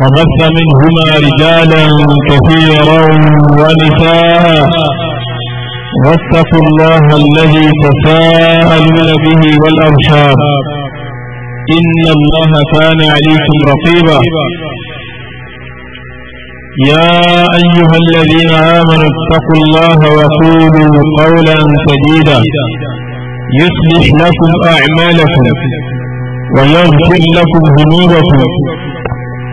وبث منهما رجالا كثيرا ونساء واتقوا الله الذي تساءلون به والارشاد إن الله كان عليكم رقيبا يا أيها الذين آمنوا اتقوا الله وقولوا قولا سديدا يصلح لكم أعمالكم ويغفر لكم ذنوبكم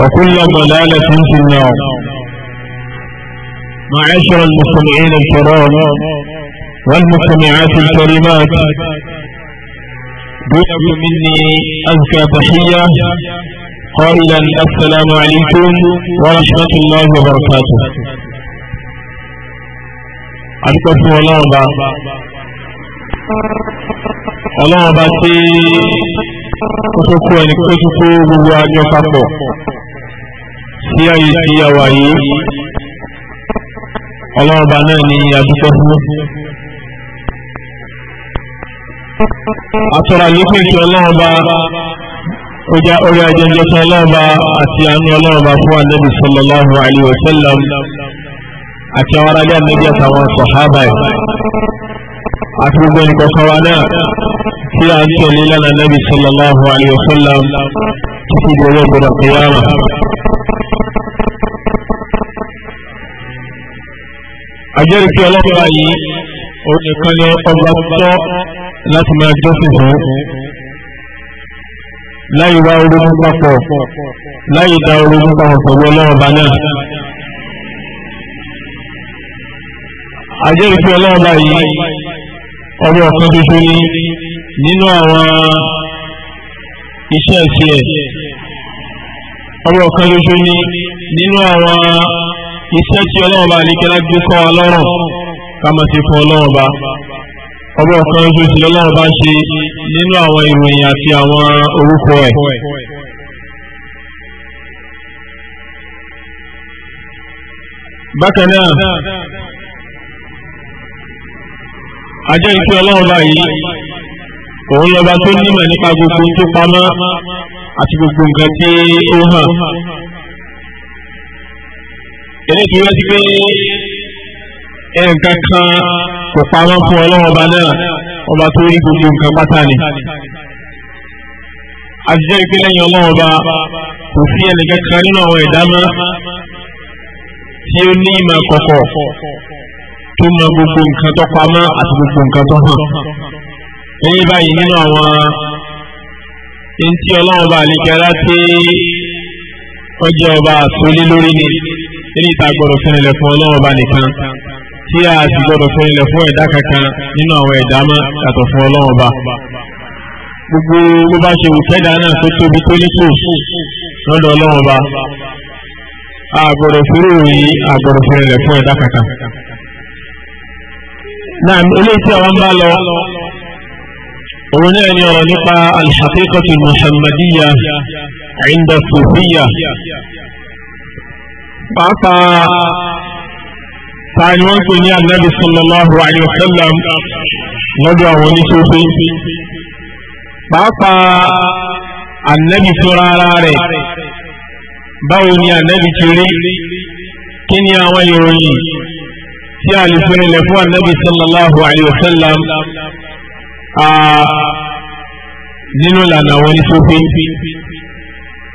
وكل ضلالة في النار معاشر المستمعين الكرام والمستمعات الكريمات بلغ مني أزكى تحية قائلا السلام عليكم ورحمة الله وبركاته أركب ولابا ولابا تي كتكو أنك كتكو وواجه فقو sí ayé tí a wà yìí ọlọ́ọ̀bà náà ni adúpẹ́ fún. àtọ̀rọ̀ àlékún ìṣe ọlọ́ọ̀bà kọjá orí ajẹ́jẹ́ fún ọlọ́ọ̀bà àti àánú ọlọ́ọ̀bà fún anábì sallallahu alayhi wa sallam àti àwọn aráàlú anábì àtàwọn sọ̀hábà ẹ̀ àti gbogbo ẹnìkan kan wa náà tí a ń tẹ̀lé lánàá anábì sallallahu alayhi wa títí di ọjọ́ ìgbọ̀dọ̀ kìyàmà. àjẹ́rìí pé ọlọ́pàá yìí ó nìkan ni ọba tọ́ láti máa jọ́sìn fún láì wá orogún papọ̀ láì dá orogún papọ̀ pẹ̀lú ọlọ́run ọba náà. àjẹ́rìí pé ọlọ́run ọba yìí ọba ọ̀kan tuntun ni nínú àwọn iṣẹ́ ẹ̀sìn ẹ̀ ọba ọ̀kan tuntun ni nínú àwọn iṣẹ́ tí ọlọ́run bá ní kẹ́lá gbé kọ́ wa lọ́rùn ká máa ti fọ ọlọ́run bá ọgbọ́n kan oṣù tí ọlọ́run bá ṣe nínú àwọn ìròyìn àti àwọn orúkọ ẹ̀. bákan náà ajẹ́ ìpín ọlọ́run báyìí òun lọ́ba tó nímọ̀ nípa gbogbo tó pamọ́ àti gbogbo nǹkan tí ó hàn tẹ̀lé tí wọ́n ti pé nǹkan kan kò pamọ́ fún ọlọ́run ọba náà ọba tó rí gbogbo nǹkan pátá ni àtijọ́ ìpínlẹ̀ yẹn ọlọ́run ọba kò sí ẹnìkan kan nínú àwọn ẹ̀dá mọ́ tí ó ní ìmọ̀ kọ̀kọ̀ tó mọ gbogbo nǹkan tó pamọ́ àti gbogbo nǹkan tó hàn lẹ́yìn báyìí nínú àwọn ẹni tí ọlọ́run ọba àlejò aláṣẹ ọjọ́ ọba àtúnlé lórí ni ilé ìta gbọ́dọ̀ fẹ́rẹ̀lẹ̀ fún ọlọ́run ọba nìkan tí a sì gbọ́dọ̀ fẹ́rẹ̀lẹ̀ fún ẹ̀dá kankan nínú àwọn ẹ̀dá mọ́ yàtọ̀ fún ọlọ́run ọba gbogbo bó bá ṣe òkèdà náà tó tóbi tó nítò lọ́dọ̀ ọlọ́run ọba a gbọ́dọ̀ fúrò yìí a gbọ́dọ̀ fẹ́rẹ̀lẹ̀ fún ẹ̀dá kankan. náà ilé tí àwọn bá lọ òun náà ni ọ̀rọ̀ nípa al-haqiqatu al pàápàá ta ni wọ́n pè ní anabi sallallahu alayhi wa sallam lọ́dọ̀ àwọn oníṣòfin pàápàá anabi fúnra ara rẹ̀ báwo ni anabi ti rí kí ni àwọn ìròyìn tí a lè fi rinlẹ̀ fún anabi sallallahu alayhi wa sallam nínú ìlànà àwọn oníṣòfin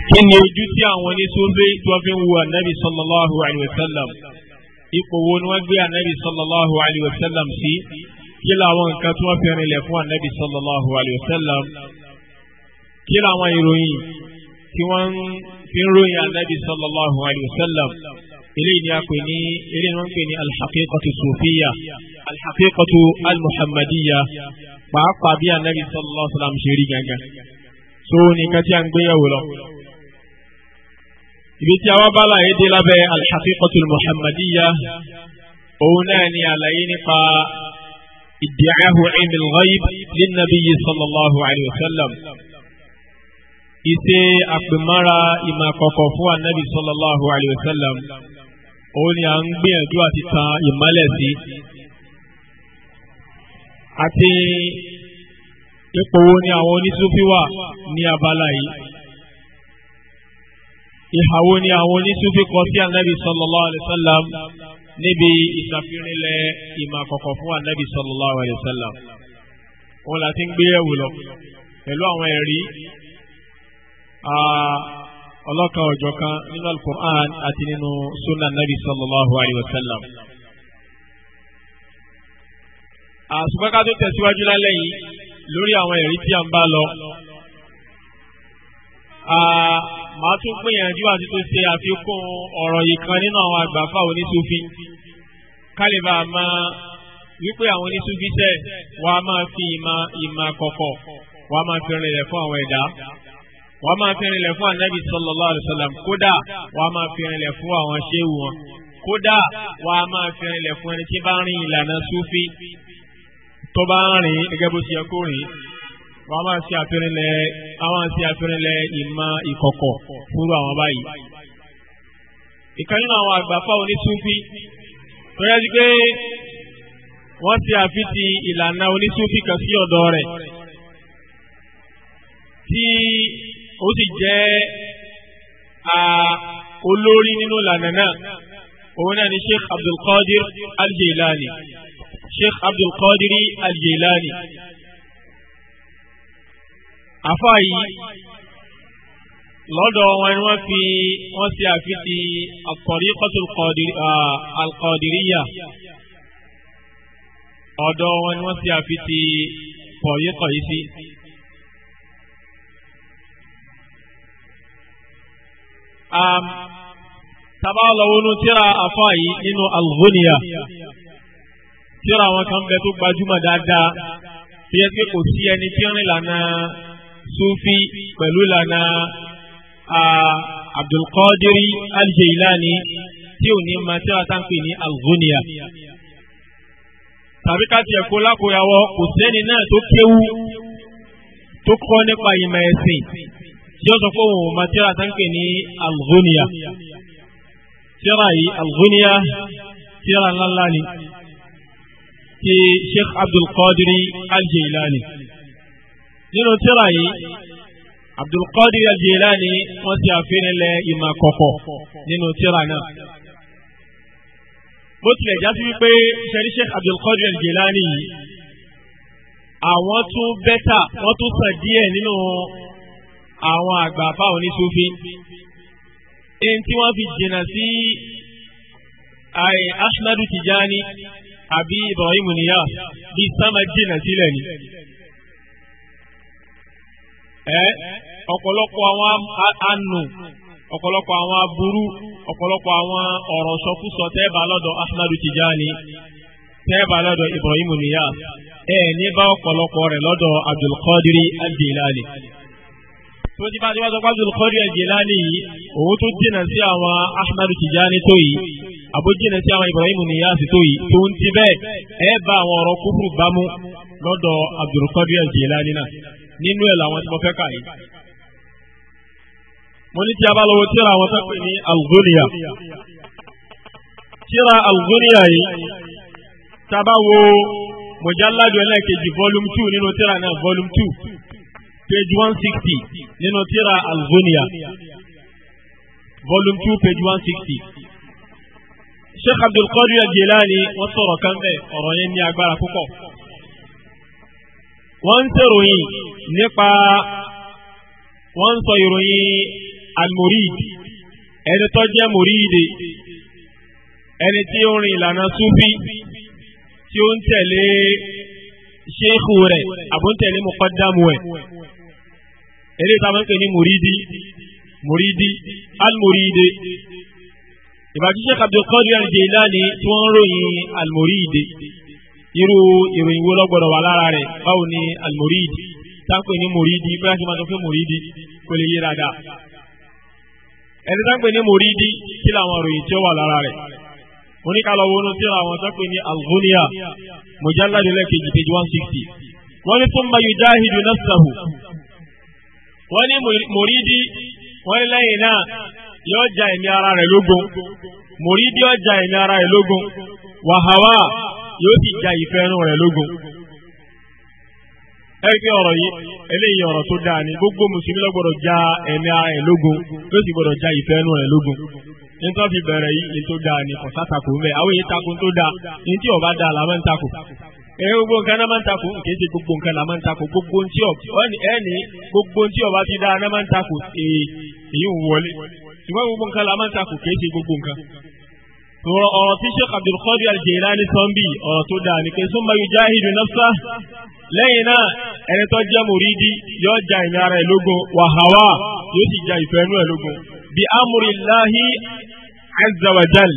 kí ni ojú tí àwọn oníṣòwò tí wọ́n fi ń wo ànábì sallallahu alayhi wa sallam ipò wo ni wọ́n gbé ànábì sallallahu alayhi wa sallam sí kí làwọn nǹkan tí wọ́n fi rinlẹ̀ fún ànábì sallallahu alayhi wa sallam kí làwọn ìròyìn tí wọ́n fi ń ròyìn ànábì sallallahu alayhi wa sallam eléyìí ni a pè ní eléyìí ni wọ́n pè ní alḥaqiqatu sufiya alḥaqiqatu almuhammadiya pàápàá bí ànábì sallallahu alayhi wa sallam ṣe rí gangan so nìkan tí a ń gbéyàwó lọ ibi tí àwa bá láàyè dé lábẹ́ al-haqiqatul muhammadiyya òun náà ni àlàyé nípa iddi'ahu ilmi al-ghayb linnabiyyi sallallahu alayhi wa sallam ìṣe àpèmára ìmọ̀ àkọ́kọ́ fún anabi sallallahu alayhi wa sallam òun ni à ń gbìyànjú àti tan ìmọ́lẹ̀ sí àti ipò wo ni àwọn onísúfí wà ní abala yìí ìhàwó ni àwọn oníṣúfí kọ sí ànábì sallallahu alaihi wasallam níbi ìsàfihànilẹ̀ ìmọ̀ àkọ́kọ́ fún ànábì sallallahu alaihi wasallam wọn láti ń gbé ẹ̀wù lọ pẹ̀lú àwọn ẹ̀rí ọlọ́kan ọ̀jọ̀kan nínú al-Qur'an àti nínú sunna ànábì sallallahu alaihi wasallam. ká tó tẹ̀síwájú lálẹ́ yìí lórí àwọn ẹ̀rí tí à ń bá lọ màá tún gbìyànjú àti tó ṣe àfikún ọ̀rọ̀ yìí kan nínú àwọn àgbàfà oníṣúfin kálíbà máa wípé àwọn oníṣúfin sẹ́ wà á máa fi ìmọ̀ ìmọ̀ kọ̀kọ̀ wà á máa fi rinlẹ̀ fún àwọn ẹ̀dá wà máa fi rinlẹ̀ fún anabi sallallahu alayhi sallam kódà wà á máa fi rinlẹ̀ fún àwọn ṣéwù wọn kódà wà á máa fi rinlẹ̀ fún ẹni tí bá ń rin ìlànà súfin tó bá ń rìn gẹ́gẹ́ bó ti yẹ kó rìn wọ́n máa ṣe àfihànlẹ̀ àwọn ṣe àfihànlẹ̀ ìmọ̀ ìkọ̀kọ̀ fúru àwọn báyìí. ìkan nínú àwọn àgbàfà onísúfí tó yẹ sí pé wọ́n ṣe àfitì ìlànà onísúfí kan sí ọ̀dọ̀ rẹ̀ tí ó sì jẹ́ olórí nínú ìlànà náà òun náà ni sheikh abdulkadir aljeilani sheikh abdulkadir aljeilani àfa yìí lọ́dọ̀ wọn ni wọ́n fi wọ́n ṣe àfitì al-tariqatu al-qadiriyya ọ̀dọ̀ wọn ni wọ́n ṣe àfitì kọ̀yíkọ̀ yìí sí. tàbá lọ́wọ́nú tíra àfa yìí nínú al tíra wọn kan bẹ tó gbajúmọ̀ dáadáa tí yẹ kí kò sí ẹni tí ń rìn lànà sufi pẹ̀lú lànà abdulkadiri aljeilani tí ò ní ma tí a tán pè ní alghunia tàbí ká tiẹ̀ kó lákòyàwó kò sẹ́ni náà tó kéwu tó kọ́ nípa ìmọ̀ ẹ̀sìn tí ó sọ pé òun ma tí a tán pè ní alghunia tíra yìí alghunia tíra ńláńlá ni ti sheikh abdulkadiri aljeilani nínú tírà yìí abdulkadir al-jilani wọ́n ti àfihàn ilẹ̀ ìmọ̀ kọ̀kọ̀ nínú tírà náà bó tilẹ̀ já sí wípé sẹ́rí sheikh abdulkadir al-jilani yìí àwọn tún bẹ́tà wọ́n tún sàn díẹ̀ nínú àwọn àgbà fáwọn oníṣúfí ẹni tí wọ́n fi jìnnà sí ahmadu tijani àbí ibrahim niyas bíi sáma jìnnà sílẹ̀ ni. ọ̀pọ̀lọpọ̀ àwọn àánú ọ̀pọ̀lọpọ̀ àwọn aburú ọ̀pọ̀lọpọ̀ àwọn ọ̀rọ̀ sọkúsọ tẹ́ẹ̀bà lọ́dọ̀ Ahmadu Tijani tẹ́ẹ̀bà lọ́dọ̀ Ibrahim n'iya ẹ ọ̀pọ̀lọpọ̀ rẹ̀ lọ́dọ̀ Abdulkadiri al tó ti bá ti wá sọ pé Abdulkadiri yìí òun tó sí àwọn tó yìí sí àwọn Ibrahim tó yìí tó ń ti bẹ́ẹ̀ bá àwọn ọ̀rọ̀ bámú lọ́dọ̀ Abdulkadiri nínú ẹ̀ làwọn tí mo fẹ́ kà yìí. mo ní tí a bá lọ wo tíra àwọn tó pè ní alghunia tíra alghunia yìí tá a bá wo mujalladu ẹlẹ́ẹ̀kejì volume two nínú tíra náà volume two page one sixty nínú tíra alghunia volume two page one sixty. sheikh abdulkadir jilani wọ́n sọ̀rọ̀ kan bẹ́ẹ̀ ọ̀rọ̀ yẹn ní agbára púpọ̀ wọ́n ń ṣèròyìn nípa wọ́n ń sọ ìròyìn almurid ẹni tó jẹ́ muride ẹni tí ó rìn ìlànà súfí tí ó ń tẹ̀lé ṣéèkù rẹ̀ àbó ń ẹ̀ eléyìí tá ń pè ní muridi muridi almuride ìbájú Sheikh Abdul Qadir tí wọ́n ń ròyìn almuride irú ìròyìn wo lọ́gbọ̀dọ̀ wà lára rẹ̀ báwo ni almuridi táǹpẹ̀ ní muridi bí wọ́n ti máa sọ fún muridi kò lè yé dáadáa ẹni táǹpẹ̀ ní muridi kí làwọn ìròyìn tí ó wà lára rẹ̀ oníkàlọ́ wọnú sí àwọn táǹpẹ̀ ní alghunia mujalladu lẹ́kejì page one sixty wọ́n ní thumma yujahidu nafsahu wọ́n ní muridi wọ́n ní lẹ́yìn náà yóò ja ẹ̀mí ara rẹ̀ lógun muridi yóò ja ẹ̀mí ara rẹ̀ lógun wàhálà yóò sì ja ìfẹ́ ẹnu rẹ̀ lógun. ẹ̀rí pé ọ̀rọ̀ yìí eléyìí ọ̀rọ̀ tó dáa ni gbogbo mùsùlùmí ló gbọ́dọ̀ ja ẹ̀mí ara ẹ̀ lógun yóò sì gbọ́dọ̀ ja ìfẹ́ ẹnu rẹ̀ lógun. nítorí fi bẹ̀rẹ̀ yìí ni tó dáa ni kò sátakò ń bẹ̀ àwọn èyí takò tó dáa ní tí ọba dáa là máa ń takò. ẹ gbogbo nǹkan náà máa ń takò nǹkan ti gbogbo nǹkan là máa ń takò gbogbo nǹkan ọ̀rọ̀ tí Sheikh Abdul Qadir Al-Jilani sọ́nbì ọ̀rọ̀ tó dáa ní pé summa yujahidu nafsa lẹ́yìn náà ẹni tó jẹ́ mùrídìí yóò ja ìyá rẹ̀ lógun wa hawa yóò sì ja ìfẹ́ inú ẹ̀ lógun bi amrillahi azza wa jal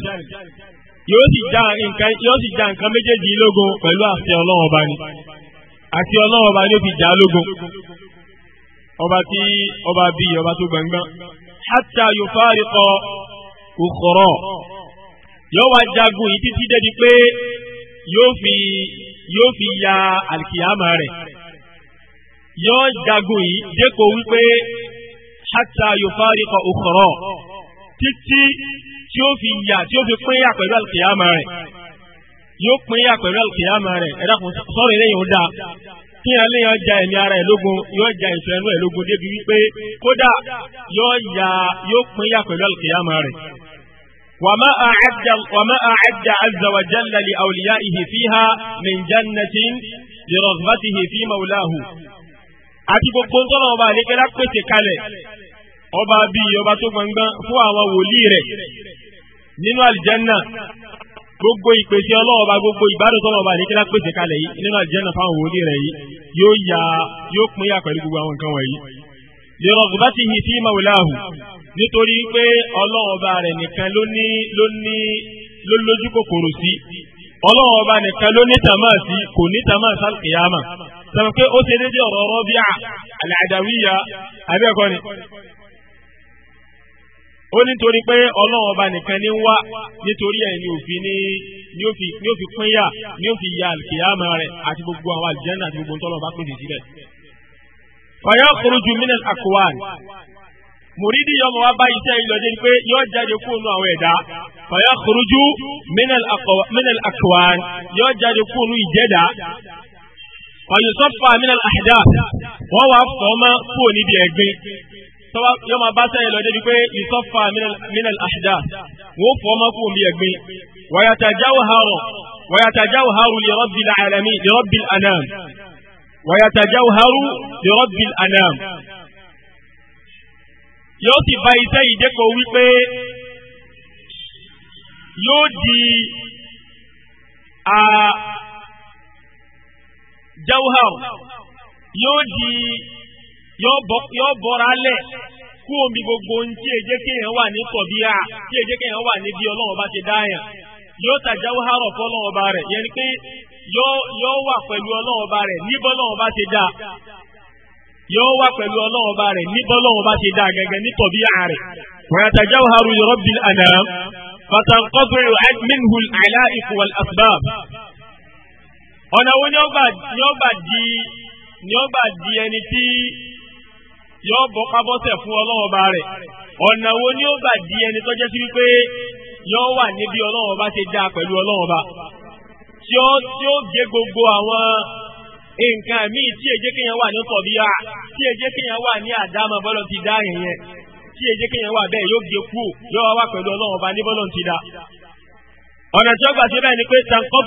yóò sì já nǹkan yóò sì já nǹkan méjèèjì lógun pẹ̀lú àti ọlọ́run ọba ni àti ọlọ́run ọba ni ó fi já lógun ọba tí ọba bíi ọba tó gbàngbà hatta yufariqa ukhra yóò wá jagun yìí títí débi pé yóò fi yóò fi ya alikiyama rẹ̀ yóò jagun yìí dẹ́kọ̀ wípé hata yufariqa ukhra títí tí ó fi ya tí ó fi pínyà pẹ̀lú alikiyama rẹ̀ yóò pínyà pẹ̀lú alikiyama rẹ̀ ẹ̀dá kò sọ̀rọ̀ eléyìí ó dáa kí ẹ léyàn ja ẹ̀mí ara ẹ̀ lógun yóò ja ìfẹ́ ẹnu ẹ̀ lógun débi wípé kódà yóò ya yóò pínyà pẹ̀lú alikiyama rẹ̀. وما أعد وما أعد عز وجل لأوليائه فيها من جنة لرغبته في مولاه àti gbogbo ńtọ́nà ọba àlékẹ́lá pèsè kalẹ̀ ọba bíi ọba tó gbọ̀ngbọ́n fún àwọn wòlíì rẹ̀ nínú gbogbo ìpèsè ọlọ́ọ̀ba gbogbo ìgbádùn tọ́nà ọba àlékẹ́lá pèsè kalẹ̀ yìí nínú àlìjẹ́nà fáwọn wòlíì rẹ̀ yìí yóò ya yóò pín yà pẹ̀lú gbogbo àwọn nǹkan wọ̀nyí. lè rọ̀gbọ́n ti hì sí màwùláhù nítorí pé ọlọ́run ọba rẹ̀ nìkan ló ní ló ní ló lójú kòkòrò sí ọlọ́run ọba nìkan ló ní tàmá sí kò ní tàmá sálkìyàmà sọ pé ó ṣe déédéé ọ̀rọ̀ Rabi'a al-Adawiya abẹ́ẹ̀kọ́ ni ó nítorí pé ọlọ́run ọba nìkan ní ń wá nítorí ẹ̀ ní òfin ní ní ó fi ní ó fi ní ó ya àlùkìyàmà rẹ̀ àti gbogbo àwọn àlùjẹ́nà àti gbogbo ntọ́lọ́ba pèsè síbẹ̀ mùrídìí yọmọ wa bá iṣẹ́ ìlọ́jẹ́ pé yọ jáde kúrò àwọn ẹ̀dá fàyà kúrújú mínal àkùwàn yọ jáde kúrò ìjẹ́dá fàyà sọ́fà mínal àdá wọ́n wá fọ́ọ́mọ́ kúrò níbi ẹ̀gbin yọmọ bá sẹ́ ìlọ́jẹ́ pé ìsọ́fà mínal àdá wọ́n fọ́ọ́mọ́ kúrò níbi ẹ̀gbin wàyàtà jáwọ́ harọ̀ wàyàtà jáwọ́ harọ̀ lè rọ́bì làálàmì lè yóò sì ba iṣẹ́ yìí wípé yóò di ah, jawhar yóò di yóò bọ́ra lẹ̀ kú omi gbogbo ń tí èjé kéèyàn wà ní tọ̀bíà tí èjé kéèyàn wà ní bí ọlọ́run bá ti dáyàn yóò ta jawhar fọlọ́run ọba rẹ̀ yẹn ni pé yóò wà pẹ̀lú ọlọ́run ọba rẹ̀ níbọ̀ yóò wá pẹ̀lú ọlọ́run bá rẹ̀ níbọ̀ ọlọ́run bá ti dá gẹ́gẹ́ ní tọ̀bí àárẹ̀. wàyàtàjà haru yorùbá anam fatankofiru minhu ala ikuwal asbab. ọ̀nà wo ni ó di ni ó gbà di ẹni tí yóò bọ́ pábọ́sẹ̀ fún ọlọ́run rẹ̀ wo ni ó di ẹni tó jẹ́ sí wípé yóò wà níbi ọlọ́run bá ti dá pẹ̀lú ọlọ́run tí gbogbo àwọn nǹkan mi tí èjé kéèyàn wà ní tọ̀bíyà tí èjé kéèyàn wà ní àdámọ̀ bọ́lọ̀ ti dá yẹn yẹn tí èjé wà bẹ́ẹ̀ yóò gé kú yóò wá pẹ̀lú ọlọ́run ọba ní bọ́lọ̀ ti dá. ọ̀nà tí ó gbà sí bẹ́ẹ̀ ni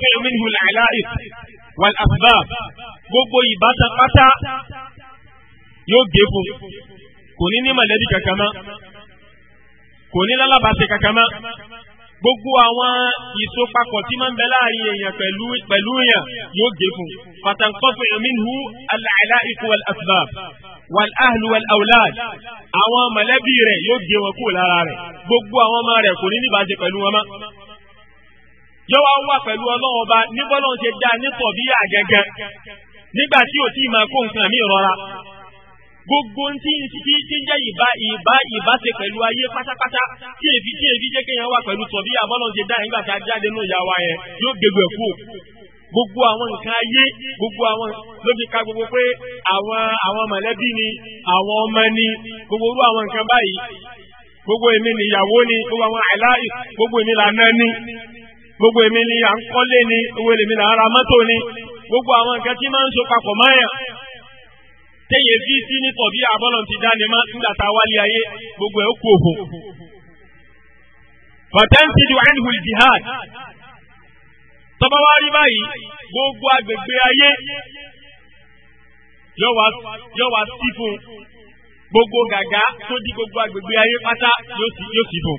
pé minhu gbogbo ìbátan pátá yóò gé fún kò ní ní mọ̀lẹ́bí kankan mọ́ kò gbogbo àwọn ìsopapọ̀ tí máa ń bẹ láàrin èèyàn pẹ̀lú pẹ̀lú èèyàn yóò gé fún pàtàkì minhu al-ala'iqu wal-asbab wal-ahlu wal-awlad àwọn mọ̀lẹ́bí rẹ̀ yóò gé wọn kúrò lára rẹ̀ gbogbo àwọn ọmọ rẹ̀ kò ní níbàjẹ́ pẹ̀lú wọn mọ́ yóò wá wà pẹ̀lú ọlọ́run ọba níbọ́lọ́run ṣe dá nítọ̀ àgẹ́gẹ́ nígbà tí ò tí ì máa kó nǹkan mí rọra gbogbo ntí ntí tí jẹ́ ìbá ìbá ìbáṣe pẹ̀lú ayé pátápátá tí èfi tí èfi jẹ́ kéèyàn wà pẹ̀lú tọ̀bí àbọ́lọ́ ṣe dá nígbà tá a jáde nínú ìyá wa yẹn yóò gbégbó ẹ̀ kú gbogbo àwọn nǹkan ayé gbogbo àwọn ló fi ka gbogbo pé àwọn àwọn mọ̀lẹ́bí ni àwọn ọmọ ni gbogbo orú àwọn nǹkan báyìí gbogbo èmi ni ìyàwó ni gbogbo àwọn àìlá gbogbo èmi là ná ni gbogbo èmi ni à ń kọ́lé ni owó èmi là ń ra mọ́tò ni gbogbo àwọn nǹkan tí máa ń so papọ̀ mọ́yàn téye fi sí nítọ̀ bí abọ́lọ̀ ti dáni mọ́ nígbà tá a wálé ayé gbogbo ẹ̀ ó kú òfò. fọ̀tẹ́ǹsìdì anhu jihad tọ́ba wá rí báyìí gbogbo agbègbè ayé yóò wá sí fún gbogbo gàgá tó di gbogbo agbègbè ayé pátá yóò sí fún.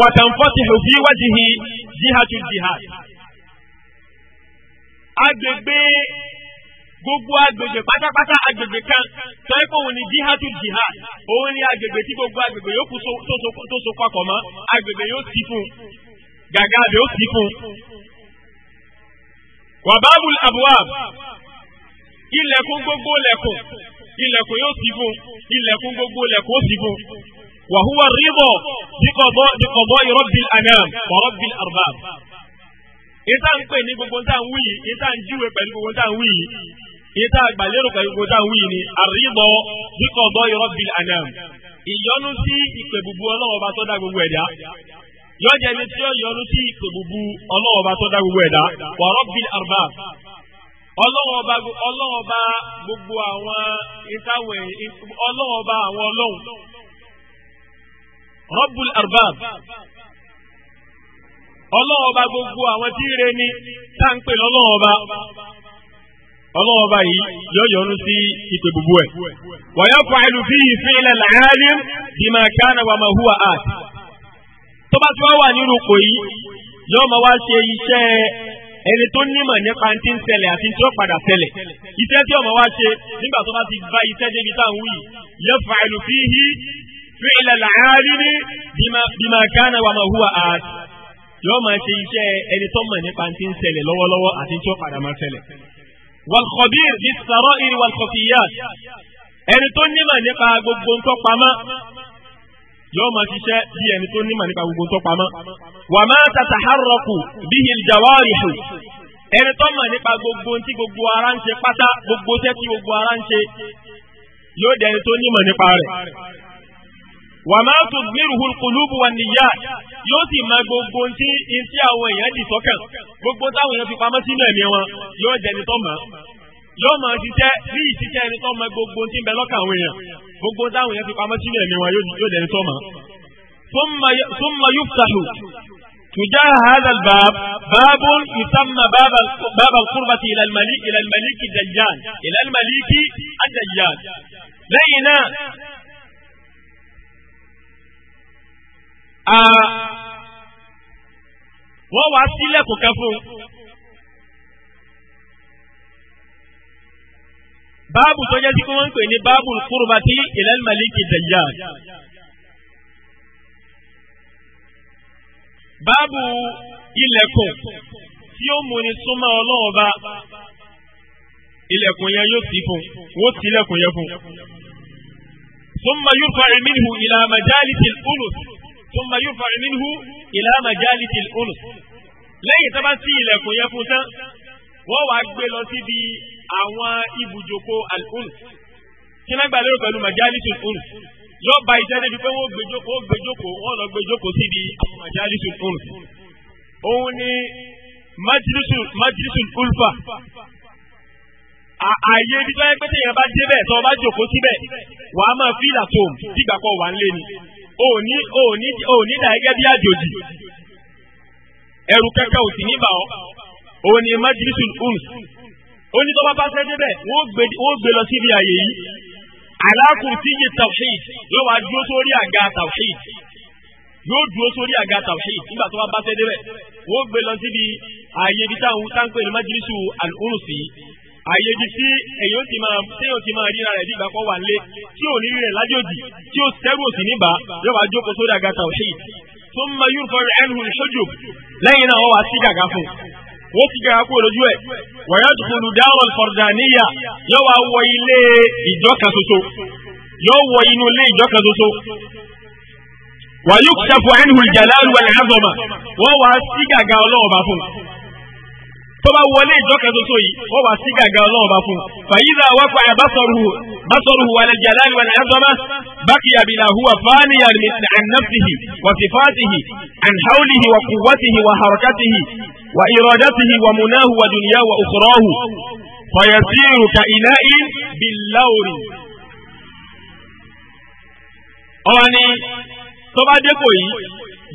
wàtàǹfọ́sì fi wájú hi jihadu jihad. agbègbè gbogbo agbègbè pátápátá agbègbè kan tó yẹ kó òun ni jihadu jihad òun ni agbègbè tí gbogbo agbègbè yòókù tó so papọ̀ mọ́ agbègbè yóò ti fún gàgà àbẹ̀ ó ti fún. wàbáàbù abuwab ilẹ̀kùn gbogbo lẹ̀kùn ilẹ̀kùn yóò ti fún ilẹ̀kùn gbogbo lẹ̀kùn ó ti fún. wàhúwà rírọ̀ dìkọ̀bọ̀ ìrọ̀bì anam wàrọ̀bì arbab. ìta ń pè ní gbogbo ń ta ń wí yìí ìta ń jíwèé pẹ̀lú gbogbo ń ta ń wí yìí. ìta àgbàlérò pẹ̀lú kò ni àríbọ̀ bíkọ̀ bọ́ irọ́ bíi anam ìyọnu sí ìpè bubu gbogbo ẹ̀dá yọ jẹ́ tí ó yọnu sí ìpè bubu ọlọ́wọ́ dá gbogbo ẹ̀dá wọ̀rọ̀ arba gbogbo àwọn ìtawẹ̀ àwọn ọlọ́wọ́ arba gbogbo ọlọ́wọ́ báyìí yọ yọnu sí ìpè gbogbo ẹ̀. wọ̀nyẹ́ fàìlù fi ìfìlẹ̀ làálí bí máa kánà wà máa hùwà àt. tó bá ti wá wà nínú ipò yìí yọ máa wá ṣe iṣẹ́ ẹni tó nímọ̀ nípa ti ń ṣẹlẹ̀ àti tí ó padà ṣẹlẹ̀. iṣẹ́ tí ọmọ wa ṣe nígbà tó bá ti bá iṣẹ́ débi tá à ń wí yẹ fàìlù fi hí fìlẹ̀ làálí bí máa kánà wà máa hùwà àt yọ máa ṣe iṣẹ́ ẹni tó mọ̀ nípa ti ń ṣẹlẹ̀ lọ́wọ́lọ́wọ́ àti tí ó padà máa ṣẹlẹ̀. والخبير في بالسرائر والخفيات ẹni tó nímọ̀ nípa gbogbo ń tó pamọ́ yóò máa ṣiṣẹ́ bí ẹni tó nímọ̀ nípa gbogbo ń tó pamọ́ wà máa tataharraku bihi aljawarihu ẹni tó mọ̀ nípa gbogbo tí gbogbo ara ń ṣe pátá gbogbo tẹ́ gbogbo ara ń ṣe yóò dẹni tó nímọ̀ nípa rẹ̀ wà máa tó gbèrúhu kùlùbù wà níyà yóò sì máa gbogbo tí n tí àwọn èèyàn dì sọ́kàn gbogbo táwọn èèyàn fi pamọ́ sínú ẹ̀mí wọn yóò jẹni tó mọ̀ yóò máa ṣiṣẹ́ ní ìṣiṣẹ́ ẹni tó mọ gbogbo tí bẹ lọ́kàn àwọn èèyàn gbogbo táwọn èèyàn fi pamọ́ sínú ẹ̀mí wọn yóò jẹni tó mọ̀. ثم يفتح تجاه هذا الباب باب يسمى باب باب القربة إلى الملك إلى الملك الدجال إلى الملك الدجال. لينا wọ́n wá sílẹ̀kùn kan fún un. báàbù tó jẹ́ sí pé wọ́n ń pè ní báàbù kúrúbátì ilal maliki dajjal. báàbù ilẹ̀kùn tí ó múni súnmọ́ ọlọ́wọ́ ilẹ̀kùn yẹn yóò sí fún wọ́n sílẹ̀kùn yẹn fún. summa yurfa minhu ila majalisi al-ulus. ثم يرفع منه إلى مجالس الأنس لا tó bá sí ilẹ̀kùn أقبل fún tán wọ́n wàá gbé lọ síbi àwọn ibùjókò al-uns kí náà gbà lérò pẹ̀lú majalisul uns yóò ba iṣẹ́ débi pé wọ́n gbẹjọ́kọ̀ wọ́n gbẹjọ́kọ̀ wọ́n lọ gbẹjọ́kọ̀ síbi àwọn majalisul uns òun ni majlisul majlisul ààyè ibi tó yẹ pé bá débẹ̀ tó bá jókòó síbẹ̀ wàá máa fi ìlà tó dìgbà kan wà ń lé ni òní òní òní dà gẹ́gẹ́ bí àjòjì ẹrù kẹkẹ ò sì ní bà ọ́ òun ni majlisul ums ó ní tó bá bá fẹ́ débẹ̀ wọ́n gbé lọ síbi àyè yìí aláàkùn tí yé tawhid yóò wá dúró sórí àga tawhid yóò dúró sórí àga tawhid nígbà tó bá bá fẹ́ débẹ̀ wọ́n gbé lọ síbi àyè ibi táwọn táǹpẹ̀ ní majlisul al yìí àyè ibi tí èyàn ti máa téèyàn ti máa ríra rẹ̀ bí ìgbà kan wà lé tí ò ní rí rẹ̀ lájòjì tí ó sẹ́rù òsì níbà yóò wá jókòó sórí àgàtà òṣèyí tó ń ma yóò fọ ẹnu ìṣojú lẹ́yìn náà wọ́n wá sí gàgà fún wọ́n ti gàgà kúrò lójú ẹ̀ wọ̀nyá tukùlù dáhùn fọ̀dàníyà yóò wá wọ ilé ìjọ kan yóò wọ inú ilé ìjọ kan ṣoṣo wàyúkú ẹnu ìjàlá tó bá wọlé ìjọkẹ́ tó tó yìí wọ́n wá sí gàgà ọlọ́run bá fún un. fàyídà wákò àyà bàtọ̀rù wà lẹ́jà láì wà lẹ́yà sọ́mà bákì àbílà huwa fáàní yàrìmí an nafsihi wà sifatihi an hawlihi wà quwwatihi wà harakatihi wà iradatihi wà munahu wà duniya wà ukhrahu. fàyàsírù ka ìnáì bìláwùrì. ọ̀ni tó bá dépò yìí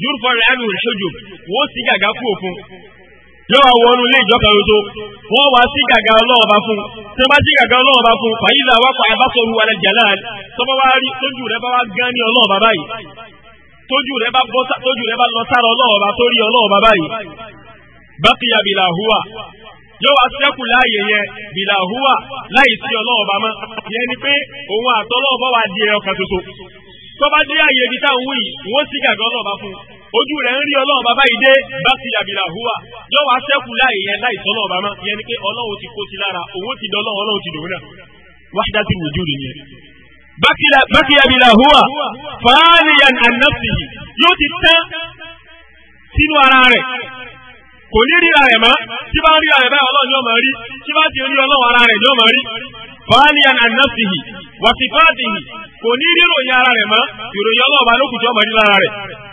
yúrùfọ̀ rẹ̀ ẹnu ìṣojú wọ́n sì gàgà fún òfin yóò wọ inú ilé ìjọ kan ṣoṣo wọn wá sí gàgà ọlọ́wọ́ bá fún un tí wọn bá sí gàgà ọlọ́wọ́ bá fún un fàyílà wà pa abásọ̀rù wàlẹ̀ jàlá tọ́mọ wá rí tójú rẹ bá wá gán ní ọlọ́wọ́ bàbá yìí tójú rẹ bá bọ́ tójú rẹ bá lọ sára ọlọ́wọ́ bá tó rí ọlọ́wọ́ bàbá yìí bákìyà bìlà hùwà yóò wá sẹ́kù láàyè yẹn bìlà hùwà láì sí ọlọ́wọ́ bá mọ́ ojú rẹ̀ ń rí ọlọ́run bàbá ìdé bá ti yàbìlà hùwà yóò wá sẹ́kù láì yẹn láì sọ́lọ́ ọ̀bá yẹn ni pé ọlọ́run ti lára ti ara rẹ̀ tí bá ń rẹ̀ ọlọ́run ti rí ọlọ́run ara rẹ̀ yóò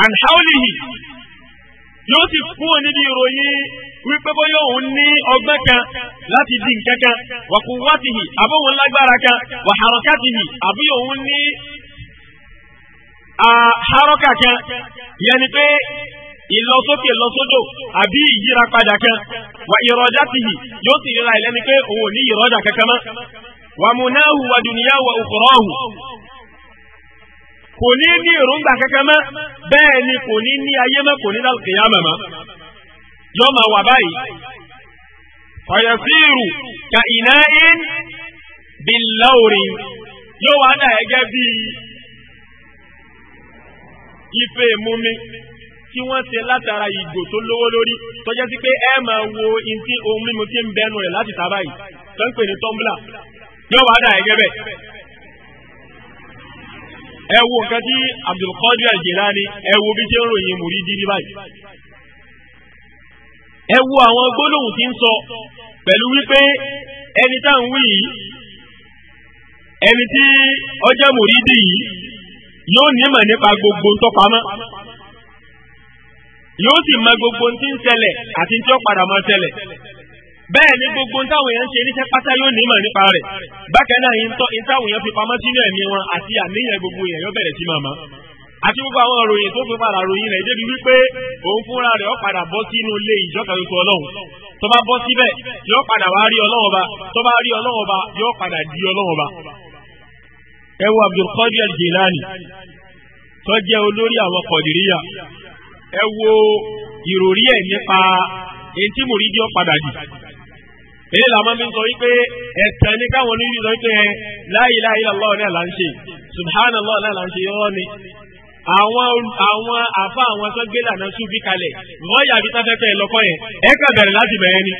an hawlihi yóò sì kúrò níbi ìròyìn wípé bóyá òun ní ọgbẹ́ kan láti di nǹkan kan wa quwwatihi àbóhun lágbára kan wa harakatihi àbí òun ní haraka kan yẹn ni pé ìlọsókè lọsódò àbí ìyírapadà kan wa iradatihi yóò sì ríra ìlẹ́ni pé òun ò ní ìrọ́jà kankan mọ́ wa munahu wa duniyahu kò ní ní èròǹgbà kankan mọ́ bẹ́ẹ̀ ni kò ní ní ayé mọ́ kò ní lálùkìyà mọ́ yọ máa wà báyìí fàyẹ̀síìrù ka iná in bí láòrì yóò wá dà gẹ́gẹ́ bí ife múmi tí wọ́n ṣe látara ìgò tó lówó lórí tó sí pé ẹ máa wo ohun mímu tí ń bẹnu rẹ̀ láti tàbáyìí tó ń pè ní tọ́ḿbùlà yóò wá dà gẹ́gẹ́ bẹ́ẹ̀ ẹ wo nǹkan tí Abdul Qadir al-Jilani ẹ wo bí tí ó ròyìn mùrídìí ní báyìí ẹ wo àwọn gbólóhùn tí ń sọ pẹ̀lú wípé ẹni tá ń wí yìí ẹni tí ọjọ́ mùrídìí yìí yóò nímọ̀ nípa gbogbo ntọ́pamọ́ yóò sì mọ gbogbo tí ń ṣẹlẹ̀ àti tí ó padà máa ṣẹlẹ̀. bẹ́ẹ̀ ni gbogbo táwọn èèyàn ń ṣe níṣẹ́ pátá yóò nímọ̀ nípa rẹ̀ bákan náà yìí táwọn èèyàn fi pamọ́ sínú ẹ̀mí wọn àti àníyàn gbogbo èèyàn yóò bẹ̀rẹ̀ sí màmá àti gbogbo àwọn òròyìn tó fi padà ròyìn rẹ̀ débi wípé òun fúnra rẹ̀ ó padà bọ́ sínú ilé ìjọba tuntun ọlọ́run tó bá bọ́ síbẹ̀ yóò padà wá rí ọlọ́run tó bá di ọlọ́run ọba. Abdul Qadir Jilani tó olórí àwọn ẹ wo ìròrí nípa èyí tí ó padà èyí làwọn mi sọ wípé ẹ̀sẹ̀ ní káwọn oníyí sọ wípé la ilaha illallah náà là ń ṣe subhanallah náà là ń ṣe irọ́ ni. àwọn àwọn àfa àwọn tó gbé lànà súnfì kalẹ̀ wọ́n yàbí táfẹ́fẹ́ lọ́kọ́ yẹn ẹ kàn bẹ̀rẹ̀ láti bẹ̀rẹ̀ ni.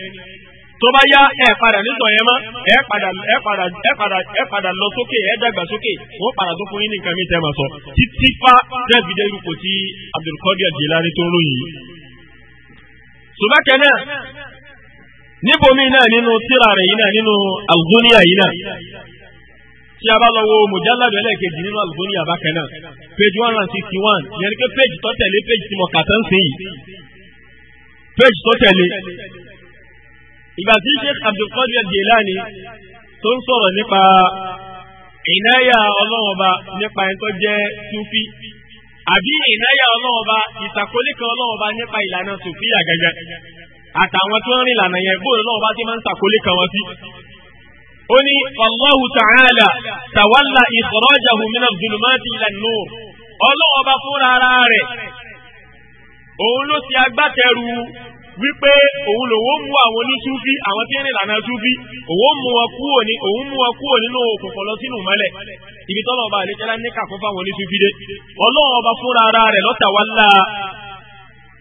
tó bá yá ẹ padà nítọ̀ yẹn mọ́ ẹ padà ẹ padà ẹ padà ẹ padà lọ sókè ẹ dàgbà sókè wọ́n padà tó fún yín ní nǹkan mi tẹ́ máa sọ títí fá dẹ́gbìdẹ́ irúkọ tí Abdul Qadir Jilani tó ń ròyìn. ṣùgbọ́n náà níbomi náà nínú tírà rẹ̀ yìí náà nínú algoniya yìí náà tí a bá lọ wo mujalladu ẹlẹ́ẹ̀kejì nínú algoniya bákan náà page one hundred sixty one yẹn ni pé page tó tẹ̀lé page tí mo kà tán sí yìí page tó tẹ̀lé ìgbà tí sheikh abdulkadir jelani tó ń sọ̀rọ̀ nípa ìnáyà ọlọ́wọ́ba nípa ẹni tó jẹ́ sufi àbí ìnáyà ọlọ́wọ́ba ìtàkólé kan ọlọ́wọ́ba nípa ìlànà sufi àgàgà. àtàwọn tó ń rìn lànà yẹn bóòlù náà bá ti máa ń sàkólé kan wọn sí. ó ní Allahu ta'ala tawalla ikhrajahu min adh ọlọ́wọ́ bá fúnra ara rẹ̀ òun ló ti agbátẹrù wípé òun lòun mú àwọn oníṣúfí àwọn tí ń rìn lànà ṣúfí òun mú wọn òun lọ sínú mọ́lẹ̀ ibi tọ́lọ́ ọba àlejò ẹlá ní kàkún fáwọn oníṣúfí dé ọlọ́wọ́ ọba fúnra ara rẹ̀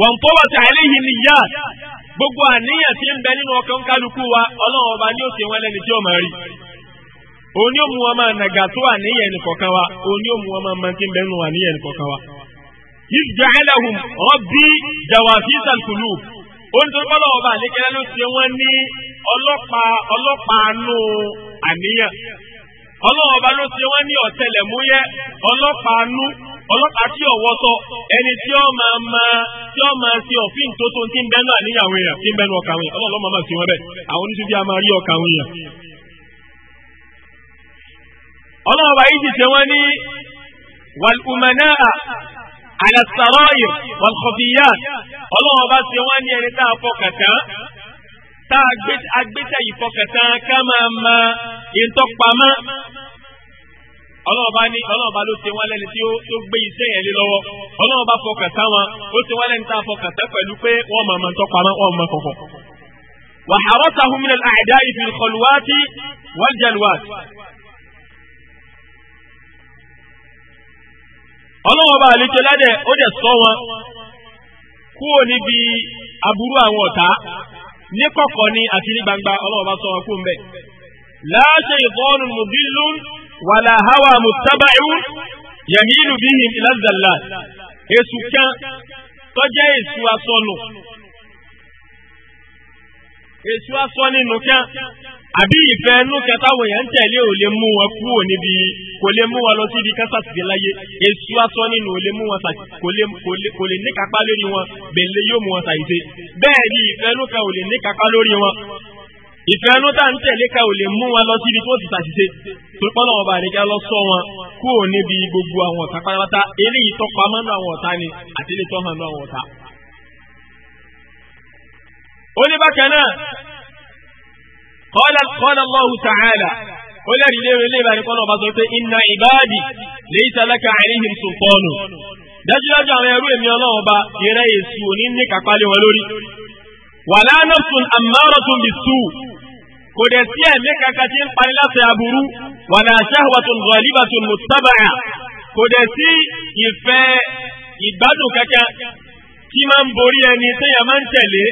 wọ́n tọ́wọ́ ti àìlèyìn nìyá gbogbo àníyàn tí ń bẹ nínú ọkàn kálukú wa ọlọ́run ọba ni ó wọ́n lẹ́ni tí ó máa rí ni wọn máa nàgà tó àníyàn nìkọ̀ọ̀kan wa òun ni wọn máa mọ tí ń bẹ nínú àníyàn wa. yìí jẹ́ ẹlẹ́hùn ọlọ́pàá tí ọ̀wọ́ sọ ẹni tí ó máa ma tí ó máa ṣe òfin tó tó ti ń bẹ́nu àníyàwó èèyàn ti ń bẹ́nu ọkà àwọn èèyàn ọlọ́run máa ṣe wọn bẹ́ẹ̀ àwọn oníṣẹ́ bí a máa rí ọkà àwọn èèyàn. ọlọ́run ọba yìí ti ṣe wọ́n ní wàlùmọ̀nà àlàsàrọ́yìn wàlùkọ̀fìyàn ọlọ́run ṣe wọ́n ní ẹni tá a fọkàn tán tá a ọlọ́ọ̀bá ní ọlọ́ọ̀bá ló ṣe wọ́n lẹ́ni tí ó gbé iṣẹ́ yẹn lé lọ́wọ́ ọlọ́ọ̀bá fọkàn táwọn ó ṣe wọ́n lẹ́ni tá a fọkàn tẹ́ pẹ̀lú pé wọ́n mọ̀ mọ̀ tọ́pamọ́ wọ́n mọ̀ kọ̀kọ̀. وحرسهم من الأعداء في الخلوات والجلوات ọlọ́wọ́ bá àlejò ládẹ̀ ó dẹ̀ sọ wọn kúrò níbi aburú àwọn ọ̀tá ní kọ̀kọ̀ ni àti ní gbangba ọlọ́wọ́ sọ wọn kúrò ń láṣẹ ìfọ́nù mùbílùn wàlà hawa mùtábàáyú yahilu bihim ila zallat èṣù kan tó jẹ́ èṣù asọnù èṣù asọnù nìkan àbí ìfẹ́ inú kẹta wọ̀ yẹn ń tẹ̀lé ò lè mú wọn kúrò níbi kò lè mú wọn lọ síbi kẹta sì láyé èṣù aṣọ nínú ò lè mú wọn kò lè níkapá lórí wọn bẹ̀lẹ̀ yóò mú wọn ṣàìṣe bẹ́ẹ̀ ni ìfẹ́ inú kan ò lè níkapá lórí wọn ìfẹ́ ẹnu tá à ń tẹ̀lé ká ò lè mú wọn lọ síbi tí wọ́n ti ṣàṣìṣe tó pọ́n náà ọba àdéjà lọ sọ wọn kúrò níbi gbogbo àwọn ọ̀tá pátápátá eléyìí tó pamọ́ nù àwọn ọ̀tá ni àti eléyìí tó hàn nù àwọn ọ̀tá. ó ní bákan náà qala qala Allahu ta'ala ó lẹ́rìí léèrè léèrè àti pọ́n náà ọba sọ pé inna ibadi laysa laka alaihim sultanu dájúdájú àwọn ẹrú kò dẹ̀ sí ẹ̀mí kankan tí ń parí láti aburú wàlá shahwatun ghalibatun muttaba'a kò dẹ̀ sí ìfẹ́ ìgbádùn kankan tí máa ń borí ẹni téèyàn máa ń tẹ̀lé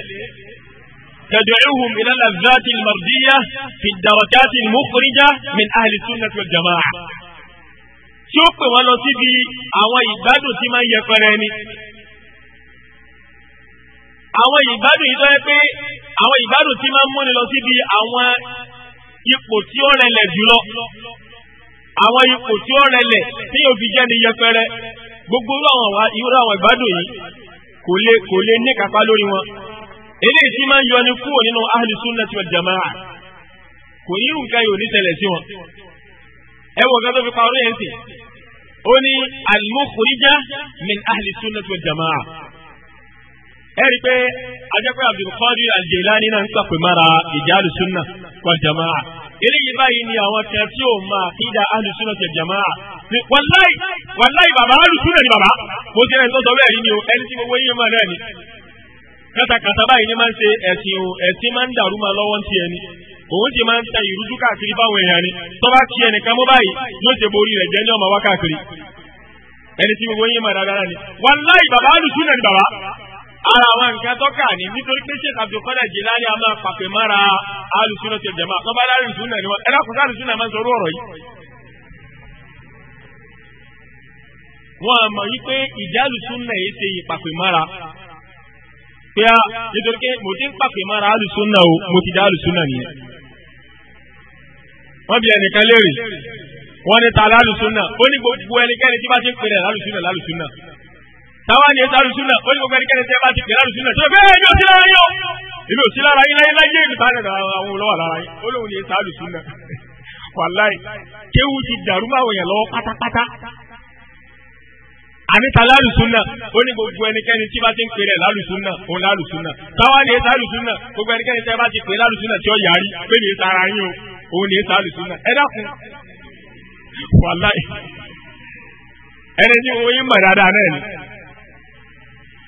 تدعوهم إلى اللذات المرضية في الدركات المخرجة من أهل السنة والجماعة. شوف ولو تبي أو يبادو تما يفرني àwọn ìgbádùn yìí tó yẹ pé àwọn ìgbádùn tí máa ń múni lọ síbi àwọn ipò tí ó rẹlẹ̀ jùlọ àwọn ipò tí ó rẹlẹ̀ tí yóò fi jẹ́ yẹpẹrẹ gbogbo àwọn irú àwọn ìgbádùn yìí kò lè kò lè ní kápá lórí wọn eléyìí tí máa ń yọ ni kúrò nínú ahli sunnati jamaa kò irú nǹkan yìí ò ní tẹ̀lẹ̀ sí wọn ẹ wọ nǹkan tó fi pa orí ẹ̀ ń sìn ó ní al-mukhrija min ahli sunnati jamaa. ẹ rí i pé ajẹ́pẹ́ abdulkadir aljelani náà ń pàpè mara ìjálù sunna jamaa eléyìí báyìí ni àwọn tí máa kíjà alùsúnà jamaa wàláì wàláì bàbá alùsúnà ni bàbá mo ti rẹ̀ ń bẹ́ẹ̀ ni o ẹni tí gbogbo yín máa náà ni kátàkátà báyìí ni máa ń ṣe ẹ̀sìn o ẹ̀sìn máa ń dàrú máa lọ́wọ́ ti ẹni òun máa ń ìrújú káàkiri báwọn èèyàn ni ti ẹnìkan mú báyìí yóò ṣe borí rẹ̀ jẹ́ ní ọmọ ẹni tí gbogbo yín máa ni ara àwọn nǹkan tọ́ka ni nítorí pé Sheikh Abdul Qadir Jilani a máa pàpè mára alùsùnà tẹ jẹ̀má lọ́ba aláàrùn ìsúná ni wọ́n ẹ̀rọ àkùnká alùsùnà máa ń sọ orú ọ̀rọ̀ yìí. wọ́n á mọ̀ yí pé ìjà alùsùnà yìí ṣe ìpàpè mára pé a nítorí pé mo ti ń pàpè mára alùsùnà o mo ti dá alùsùnà nìyẹn. wọ́n bi ẹnìkan léèrè wọ́n ní ta alùsùnà ó ní gbogbo ẹnikẹ́ni tí bá ti ń pè táwa ni ẹ̀sán alùsùnà ó ní gbogbo ẹnikẹ́ni tẹ́ bá ti pè lálùsùnà tó bẹ́ẹ̀ ni òsì lára yóò ibi òsì lára yín láyé láyé ìgbà rẹ̀ àwọn olówó lára yín ni kéwù ti dàrú máa wọ̀nyàn lọ́wọ́ pátápátá àní ta lálùsùnà ó ní gbogbo ẹnikẹ́ni tí bá ti ń pè rẹ̀ lálùsùnà òun táwa ni ẹ̀sán alùsùnà gbogbo ẹnikẹ́ni tẹ́ bá ti pè lálùsùnà tí ó yàrí pé ni ara o òun ni ẹ̀sán alùsùnà ẹ dákun wàláì ẹni tí yín mọ̀ dáadáa náà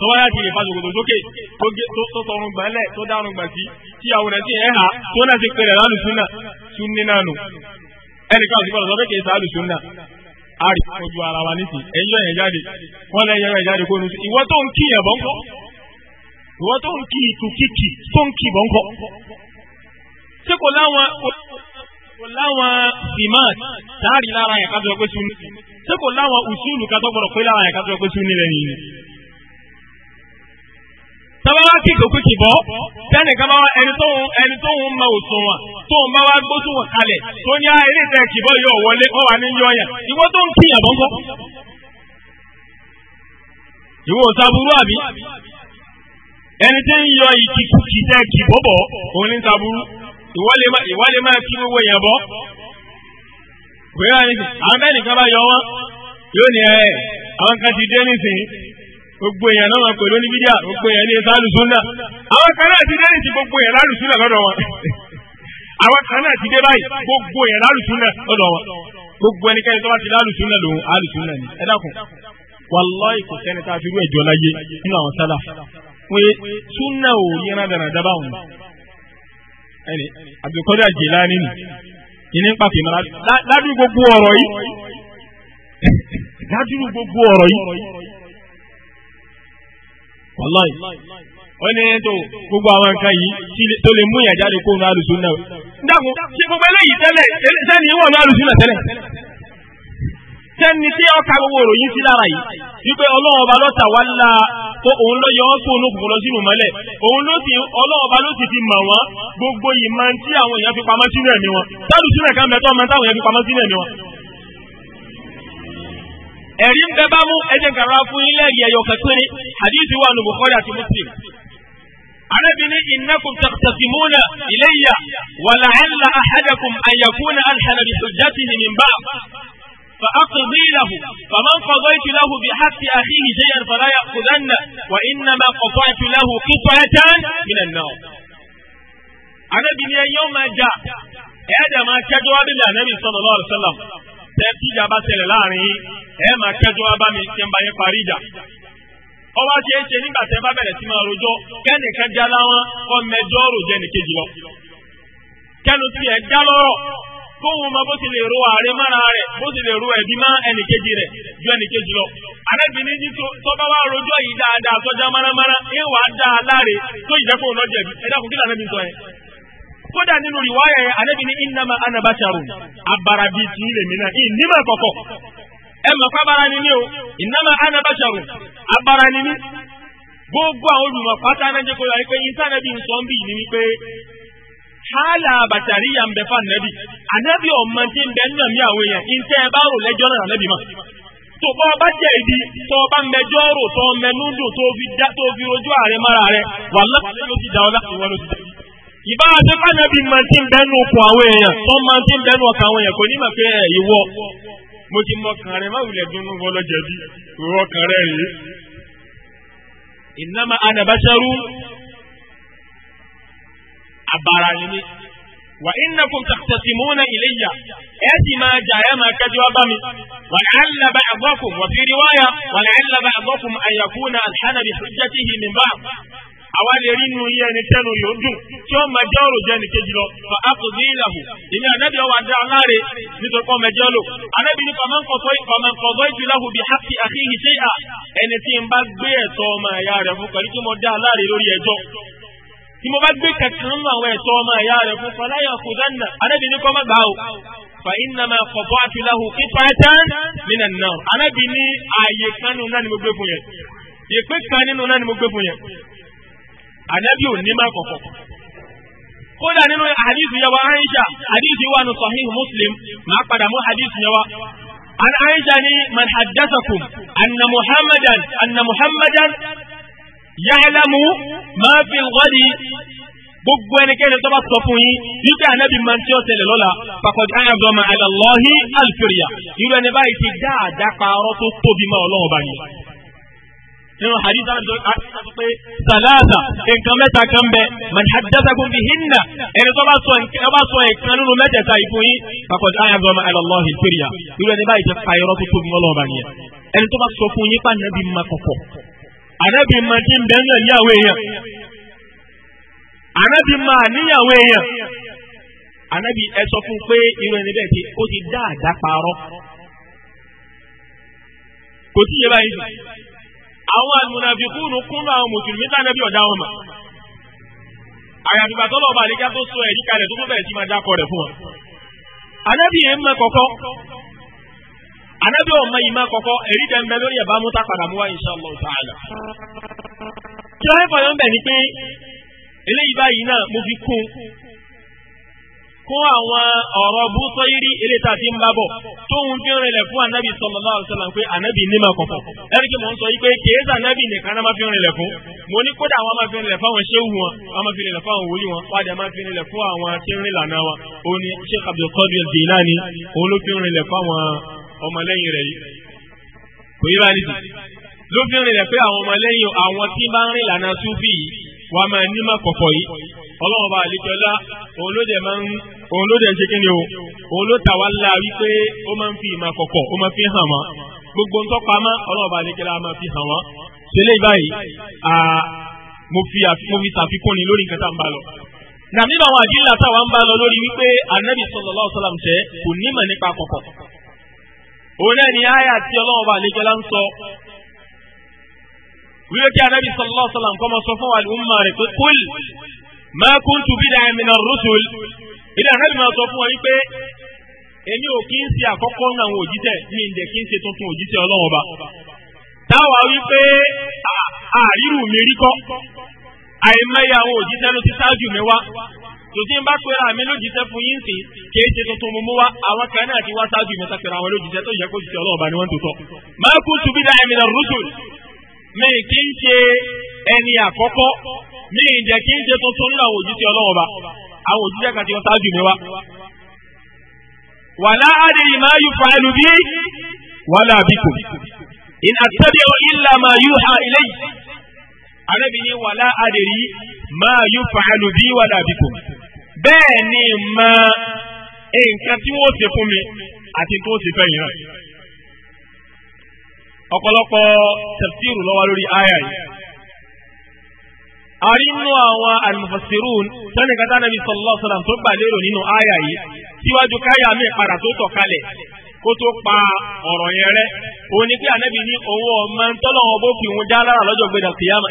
tó wáyà ti lè fa ṣòkòtò sókè tó tọrùn gbà lẹ̀ tó dárùn gbà sí tí àwọn rẹ̀ sì ẹ̀ hà tó náà ti pèrè lálùsùn náà sún ní náà nù ẹnìkan àti bọ́lá sọ pé kì í sa àlùsùn náà a rí ojú ara wa nísìn ẹ̀yọ́ yẹn jáde wọ́n lẹ́ yẹn jáde kó nu ìwọ tó ń kí yẹn bọ́ ń kọ́ tó ń kí ìtù kíkì tó ń kí bọ́ ṣé kò láwọn kò láwọn simat táàrí lára yẹn ká pé sunni ṣé kò láwọn usulu ká gbọdọ̀ pé lára yẹn ká pé sunni lẹ́yìn yìí tọ́ba wá kí ìkókó kì bọ́ tẹ́nì kan bá wá ẹni tó ń ẹni tó ń ma òsùn wọn tó ń bá wá gbósùn wọn kalẹ̀ tó ní ayé tẹ kì bọ́ yóò wọlé ọ wà ní yọ̀ọ̀yàn ìwọ tó ń kíyàn bọ́ńkọ́. ìwọ ò sábúrú àbí ẹni tí ń yọ ìkìkì tẹ kì bọ́bọ̀ òun ní sábúrú ìwọ máa kí gbogbo yẹn bọ́. wíwá ni àwọn bẹ́ẹ̀ nìkan bá yọ wọn yóò ní ẹ àwọn kan ti dé nísìnyí gbogbo èèyàn náà pẹ̀lú oníbídíà gbogbo èèyàn ní ẹ̀sán alùsùnà àwọn kan náà ti dé ní ti gbogbo èèyàn alùsùnà lọ́dọ̀ wọn àwọn kan náà ti dé báyìí gbogbo èèyàn alùsùnà lọ́dọ̀ wọn gbogbo ẹnikẹ́ni tó bá ti lálùsùnà lòun alùsùnà ni ẹ dákun wàláì kò sẹ́ni tá a fi rú ẹ̀jọ́ láyé nínú àwọn sálà pé súnà ò yẹra dáradára báwọn ẹni Abdulkadir Jilani ni ìní ń pàtó ìmọ̀ra ládùúgbò gbogbo ọ̀rọ̀ yìí ládùúgbò gbogbo ọ̀rọ̀ yìí wàláì ó ní tó gbogbo àwọn nǹkan yìí tó lè mú ìyàjáde kó náà lùsùn náà dákun ṣe gbogbo eléyìí tẹ́lẹ̀ sẹ́ni ìwọ̀n náà lùsùn náà tẹ́lẹ̀ sẹ́ni tí ọkà gbogbo òròyìn sí lára yìí wípé ọlọ́run ọba lọ́ta wá ńlá tó òun ló yọ ọ́ tó òun kòkòrò sínú mọ́lẹ̀ òun ló sì ọlọ́run ọba ló sì ti mọ̀ wọ́n gbogbo yìí máa ń tí àwọn èèyàn fi pamọ́ sínú ẹ̀mí wọn táàlù ẹ̀rí ń bẹ bá mú ẹjẹ̀ kàrà fún ilé ẹ̀rí ẹ̀yọ̀ kẹsìrì hadith wa nu bukhari àti muslim. Arábìnrin innakum taqtasimuna ilayya wa la'alla ahadakum an yakuna alhana bi hujjatihi min ba'd. فأقضي له فمن قضيت له بحق أخيه شيئا فلا يأخذن وإنما قطعت له قطعة من النار أنا بني يوم جاء هذا ما كدوا بالله النبي صلى الله عليه وسلم tẹ́tí ìjà bá ṣẹlẹ̀ láàrin ẹ máa kẹjọ wá bá mi bá yẹn parí ìjà. ọwọ́ ṣe nígbà tẹ́ bá bẹ̀rẹ̀ sí máa rojọ́ láwọn kọ́ mẹjọ́ rò jẹ́ nìkejì lọ. kẹ́nu já lọ́rọ̀ ma bó ti lè ro ààrẹ má ẹnìkejì ju ẹnìkejì lọ. ní tọ́ba wa rojọ́ yìí kódà nínú rìwáyà yẹn alẹ́ bí ní innama ana basharun abara bíi ti ilẹ̀ mi náà ìní mà kọ̀kọ̀ ẹ mọ̀ pé abara ni ní o innama ana basharun abara ni ní gbogbo àwọn olùmọ̀ pátá náà jẹ́ kó yọ pé intanẹ́bì ń sọ ń bì ní wípé hálà bàtàrí yà ń bẹ fún ànábì ànábì ọ̀mọ tí ń bẹ nínú ẹ̀mí àwọn èèyàn ń tẹ́ ẹ bá rò lẹ́jọ́ náà ànábì mọ̀ tó bá ọba jẹ́ ibi tó ọba mẹjọ́ rò tó mẹnú dùn tó fi rojú ààrẹ mọ́ra rẹ wà lọ́kùnrin ti dà ọ́ láti ló ti dà ìbá àti pàdánù máa ti ń bẹnu ọkọ̀ àwọn èèyàn tó máa ti ń bẹnu ọkọ̀ àwọn èèyàn kò ní mà pé ẹ ìwọ mo ti mọ kàn rẹ má wulẹ̀ dunu wọn lọ́jọ́ bí ìwọ kàn rẹ rèé. innama ana basharu àbára ni mí wa innakum taqtasimuna ilayya ẹ sì máa jà ẹ máa kẹjọ bá mi wa la'alla ba'dakum wa fi riwaya wa la'alla ba'dakum an yakuna alhana bi hujjatihi min ba'd. àwa lè rí inú yẹn ní tẹnu rẹ̀ ó dùn tí ó mọ ẹjọ́ rò jẹ́ nìkejì lọ fa akọ̀dé ìlàhù èmi ànábì ọwọ́ adé aláre nítorí pé ọmọ ẹjọ́ lò ànábì ní pàmọ́nkọ̀tọ́ ìpàmọ́nkọ̀tọ́ ìtìláhù bíi hapi àkíyì ṣé à ẹni tí n bá gbé ẹ̀tọ́ ọmọ ẹ̀yà rẹ̀ fún pẹ̀lú tí mo dá aláre lórí ẹjọ́ tí mo bá gbé kẹ̀kẹ́ nínú àwọn ẹ̀tọ́ ọmọ ẹ̀yà rẹ̀ fún fọláyà kò dáná ànábì ní kọ́ mọ́gbà o fàyínàmà kọ̀bọ́àtú láhù kífàtán nínà náà ànábì ní ààyè kan nínú náà ni mo gbé fún yẹn ìpín kan nínú náà ni mo gbé fún yẹn ànábì ò ní má kọ̀kọ̀. kódà nínú hadith yẹn wa aisha hadith yẹn wà nù sahih muslim máa padà mú hadith yẹn wa. an aisha ni man haddathakum anna muhammadan anna muhammadan ya'lamu ma fi al-ghadi gbogbo ẹnikẹ́ni tó bá sọ fún yín wípé ànábì máa ń tí ó tẹ̀lé lọ́la pàkọ́jú ayọ̀dọ́mọ àlọ́lọ́hí alfiriya irú ẹni báyìí ti dáadáa parọ́ tó tóbi máa ọlọ́run báyìí nínú hadith alábi sọ pé sàlàsà nǹkan mẹ́ta kan bẹ man haddathakum bihinna ẹni tó bá sọ nǹkan nínú mẹ́tẹ̀ẹ̀ta ìfún yín kakọ̀ ayé àgbà ọmọ alọ́lọ́hìn kiriya irú ẹni báyìí jẹ́ ayọ̀rọ̀ tó tóbi wọn lọ́ọ̀bà nìyẹn ẹni tó bá sọ fún yín pa nàbí ma kọ̀kọ̀ ànábì ma ti ń bẹ́ẹ̀ náà níyàwó èèyàn ànábì ma níyàwó èèyàn ànábì ẹ sọ fún pé irú ẹni bẹ́ẹ̀ ti ó ti dáadáa parọ́ kò sí báyìí àwọn almunafikun kúnnú àwọn mùsùlùmí tánàbí ọ̀dá wọn mà àyàfìgbà tọ́lọ̀ ọba àlejò tó sọ ẹ̀rí kalẹ̀ tó tó bẹ̀rẹ̀ sí máa dákọ̀ rẹ̀ fún wọn. anábì yẹn mọ kọ̀kọ́ anábì ọ̀ma yìí mọ kọ̀kọ́ ẹ̀rí jẹ́ mbẹ́ lórí ẹ̀bá mú tápàdà mú wa ta'ala. kí wọ́n fọyọ́ ń bẹ̀ pé eléyìí fún àwọn ọ̀rọ̀ búsọ yìí eléyìí tá a ti ń bá bọ̀ tóun fi rìnlẹ̀ fún anabi sallallahu alaihi wasallam pé anabi nímọ̀ kọ̀kọ̀ ẹ̀rí kí mò ń sọ yìí pé kèésà anabi nìkan náà máa fi ń rìnlẹ̀ fún mo ní kódà àwọn máa fi ń rìnlẹ̀ fún àwọn ṣéwù wọn wọn máa fi ń rìnlẹ̀ fún àwọn wòlíì wọn wádìí máa fi rìnlẹ̀ fún àwọn tí ń rìnlànà wọn òun ni Sheikh Abdul Qadir Jilani òun rìnlẹ̀ fún ọmọlẹ́yìn rẹ̀ yìí wàá máa nímọ̀ kọ̀kọ̀ yìí ọlọ́run bá àlejò ọlá òun ló dẹ̀ máa ń òun ló dẹ̀ ṣe kí ni o òun ló tà wá ńlá wípé ó máa ń fi ìmọ̀ kọ̀kọ̀ ó máa fi hàn wọ́n gbogbo ńtọ́pamọ́ ọlọ́run bá àlejò ọlá máa fi hàn wọ́n ṣẹlẹ̀ báyìí mo fi àfikún ni lórí nǹkan tá à ń bá lọ na nínú àwọn àdínlá táwa ń bá lọ lórí wípé anabi sallallahu alaihi wasallam ni àyà tí ọlọ́run bá àlejò wíwé kí anábì sallallahu alaihi wasallam kọ́ máa sọ fún àlùmọ́ rẹ̀ pé kúl ma kuntu bid'an min ar-rusul ilé anábì máa sọ fún ọ wípé èmi ò kí ń ṣe àkọ́kọ́ ní àwọn òjíṣẹ́ mi ń jẹ́ kí ń ṣe tuntun òjíṣẹ́ ọlọ́run ọba táwa wípé àrírù mi rí kọ́ àìmọye àwọn òjíṣẹ́ ló ti ṣáájú mi wá tòtí ń bá pera mi lójíṣẹ́ fún yín sí kì í ṣe tuntun mú wá àwọn kan náà ti wá ṣáájú mi sápẹ́ra mi kì í ṣe ẹni àkọ́kọ́ mi ìjẹ́ kì í ṣe tuntun nínú àwọn òjíṣẹ́ ọlọ́wọ́ ba àwọn òjíṣẹ́ kan ti wọ́n ṣáájú mi wá. wàlá adìrì máa yù fàálù bí wàlá àbíkù in attabi'u illa ma yuha ilayhi arábì ní wàlá adìrì máa yù fàálù bí wàlá àbíkù bẹ́ẹ̀ ni mà nǹkan tí wọ́n ṣe fún mi àti tó ṣe fẹ́ yìí náà. ọ̀pọ̀lọpọ̀ tafsiru ló lori lórí àyà yìí. a rí nínú àwọn al-mufassirun sani kata nabi sallallahu alaihi wasallam tó gbà lérò nínú àyà yìí síwájú káyà mi padà tó tọ̀ kalẹ̀ kó tó pa ọ̀rọ̀ yẹn rẹ́ òun ni pé ànábì ní owó ọmọ bó fi wọn já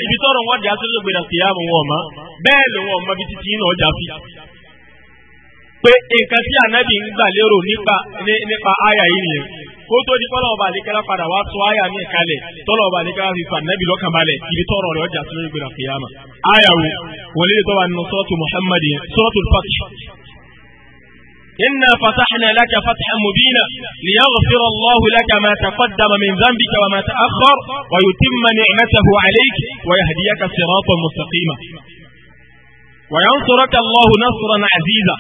ibi tọ́rọ̀ wọn sí lọ́jọ́ gbẹdà wọn bẹ́ẹ̀ titi náà jà fi. pé nǹkan tí ànábì ń kó tó di kọ́lọ́ ọba àdékẹ́lá padà wá sọ àyà mi kalẹ̀ tọ́lọ̀ ọba àdékẹ́lá fi fà nẹ́bí lọ́kàn balẹ̀ ibi tọ́rọ̀ rẹ̀ ọjà sínú ìgbéra kìyàmà. àyà wo wọlé tó wà nínú sọ́ọ̀tù Muhammad sọ́ọ̀tù Fath. إنا فتحنا لك فتحا مبينا ليغفر الله لك ما تقدم من ذنبك وما تأخر ويتم نعمته عليك ويهديك صراطا مستقيما وينصرك الله نصرا عزيزا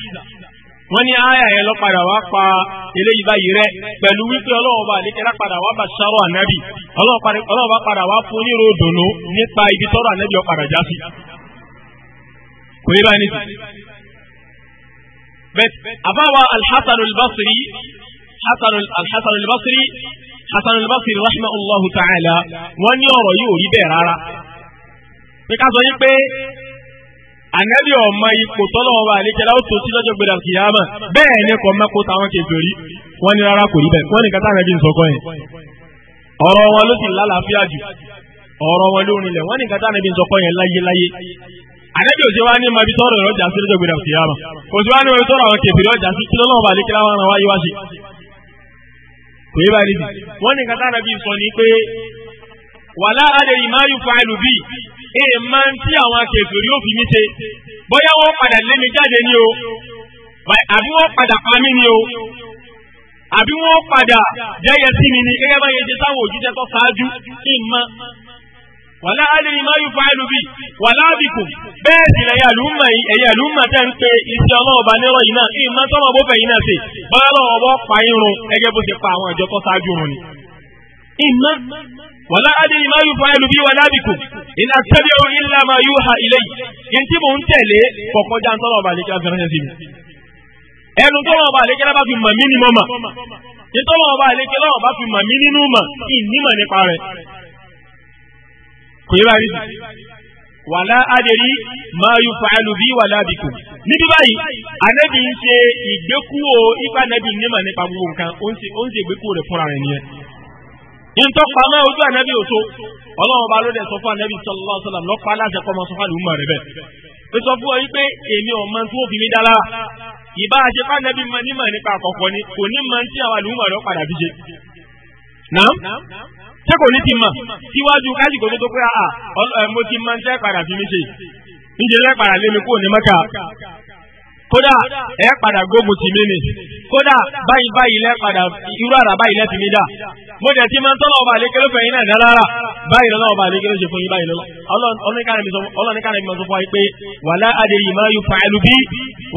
wọ́n ní àyà yẹn lọ padà wá pa eléyìí báyìí rẹ pẹ̀lú wípé ọlọ́wọ́ bá àlékẹ́lá padà wá bá ṣáró ànábì ọlọ́wọ́ bá padà wá fún onírò dùnú nípa ibi tọ́rọ ànábì ọ̀padà já sí. kò yé báyìí nìyí. bẹ́ẹ̀ àbáwá alḥasan al-basri alḥasan al hasan al-basri rahmatulahu ta'ala wọ́n ní ọ̀rọ̀ yìí ò rí bẹ́ẹ̀ rárá. pé ká sọ yín pé ànábì ọmọ ipò tọ́lọ́wọ́ ọba àlékẹ́ láwùjọ sí lọ́jọ́ gbèrà kìyàmà bẹ́ẹ̀ ni kò mẹ́kò táwọn kèfèrí wọ́n ní rárá kò rí bẹ́ẹ̀ wọ́n ní kátà ànábì ń sọkọ́ yẹn ọ̀rọ̀ wọn ló sì lálàáfíà jù ọ̀rọ̀ wọn ló rinlẹ̀ wọ́n ní kátà ànábì ń sọkọ́ yẹn láyé òsè wa ní mabi tọ́rọ̀ ìrọ̀jà sí lọ́jọ́ gbèrà kìyàmà òsè wa ní èèmọ̀ tí àwọn akẹ́kọ̀ọ́ yóò fi mí ṣe bóyá wọ́n padà lé mi jáde ni o àbí wọ́n padà pa mí ni o àbí wọ́n padà jẹ́yẹ sí mi ni gẹ́gẹ́ bá yẹ ṣe sáwọn òjíṣẹ́ tó ṣáájú kí n mọ́ wàlá àdìrí máa yù fáìlú bí wàlá àbìkù bẹ́ẹ̀ sì lẹ́yìn àlùmọ yìí ẹ̀yìn àlùmọ tẹ́ ń pe iṣẹ́ ọlọ́ọ̀bá nírọ̀ yìí náà kí n mọ́ tọ́lọ̀ bó náà ṣe bọ́lá lọ́wọ́ bọ́ pa irun ẹgẹ́ bó ṣe pa àwọn ìjọ tó ṣáájú run ni. ìmọ̀ wàlá àdìrí máa yù fáìlú bí wàlá àbìkù in attabi'u illa ma yuha ilayya in tí mò ń tẹ̀lé kọ̀kọ́já ń tọ́lọ̀ ọba àlejò afẹ́rẹ́sẹ̀ sí mi ẹnu tọ́lọ̀ ọba àlejò bá fi mọ̀ mí ni mọ̀ mà ní tọ́lọ̀ ọba àlejò lọ́wọ́ bá fi mọ̀ mí nínú mà kí n nímọ̀ nípa rẹ̀ kò yẹ báyìí wàlá adèrí máa yù fàálù bí wàlá bìkù. níbi báyìí ànábì ń ṣe ìgbékúwò ipa ànábì nímọ̀ nípa gbogbo nǹkan ó ń ṣe ìgbékúwò rẹ̀ fúnra rẹ̀ nìyẹn ntọ́pa náà ojú ànábì òso ọlọ́run bá ló dẹ̀ sọ fún ànábì sallallahu alaihi wasallam lọ́pàá aláṣẹ kọ́ ọmọ sọ fún àlùmọ̀ rẹ̀ bẹ́ẹ̀. ó sọ fún ọ yí pé èmi ọmọ tó fi mí dára ìbá àṣẹ fún ànábì mọ nímọ̀ nípa àkọ́kọ́ ni kò ní mọ tí àwọn àlùmọ̀ rẹ̀ padà fi ṣe. nàám ṣé kò ní ti mọ̀ síwájú káyì kò ní tó pé à mo ti mọ tẹ́ padà fi mí ṣe ǹjẹ́ lẹ́ lé mi kúrò ní Mẹ́kà kódà ẹ padà gbógun tì mí ni kódà báyìí báyìí lẹ irú àrà báyìí lẹ fi mí dà mo dẹ̀ ti máa ń tọ́lọ̀ ọba àlékelé fẹ̀yìn náà dálára báyìí lọ́nà ọba àlékelé ṣe fún yín báyìí lọ́nà ọlọ́nìkànnì mi sọ fún wa pé wàlá adéyìí máa yọ fàálù bí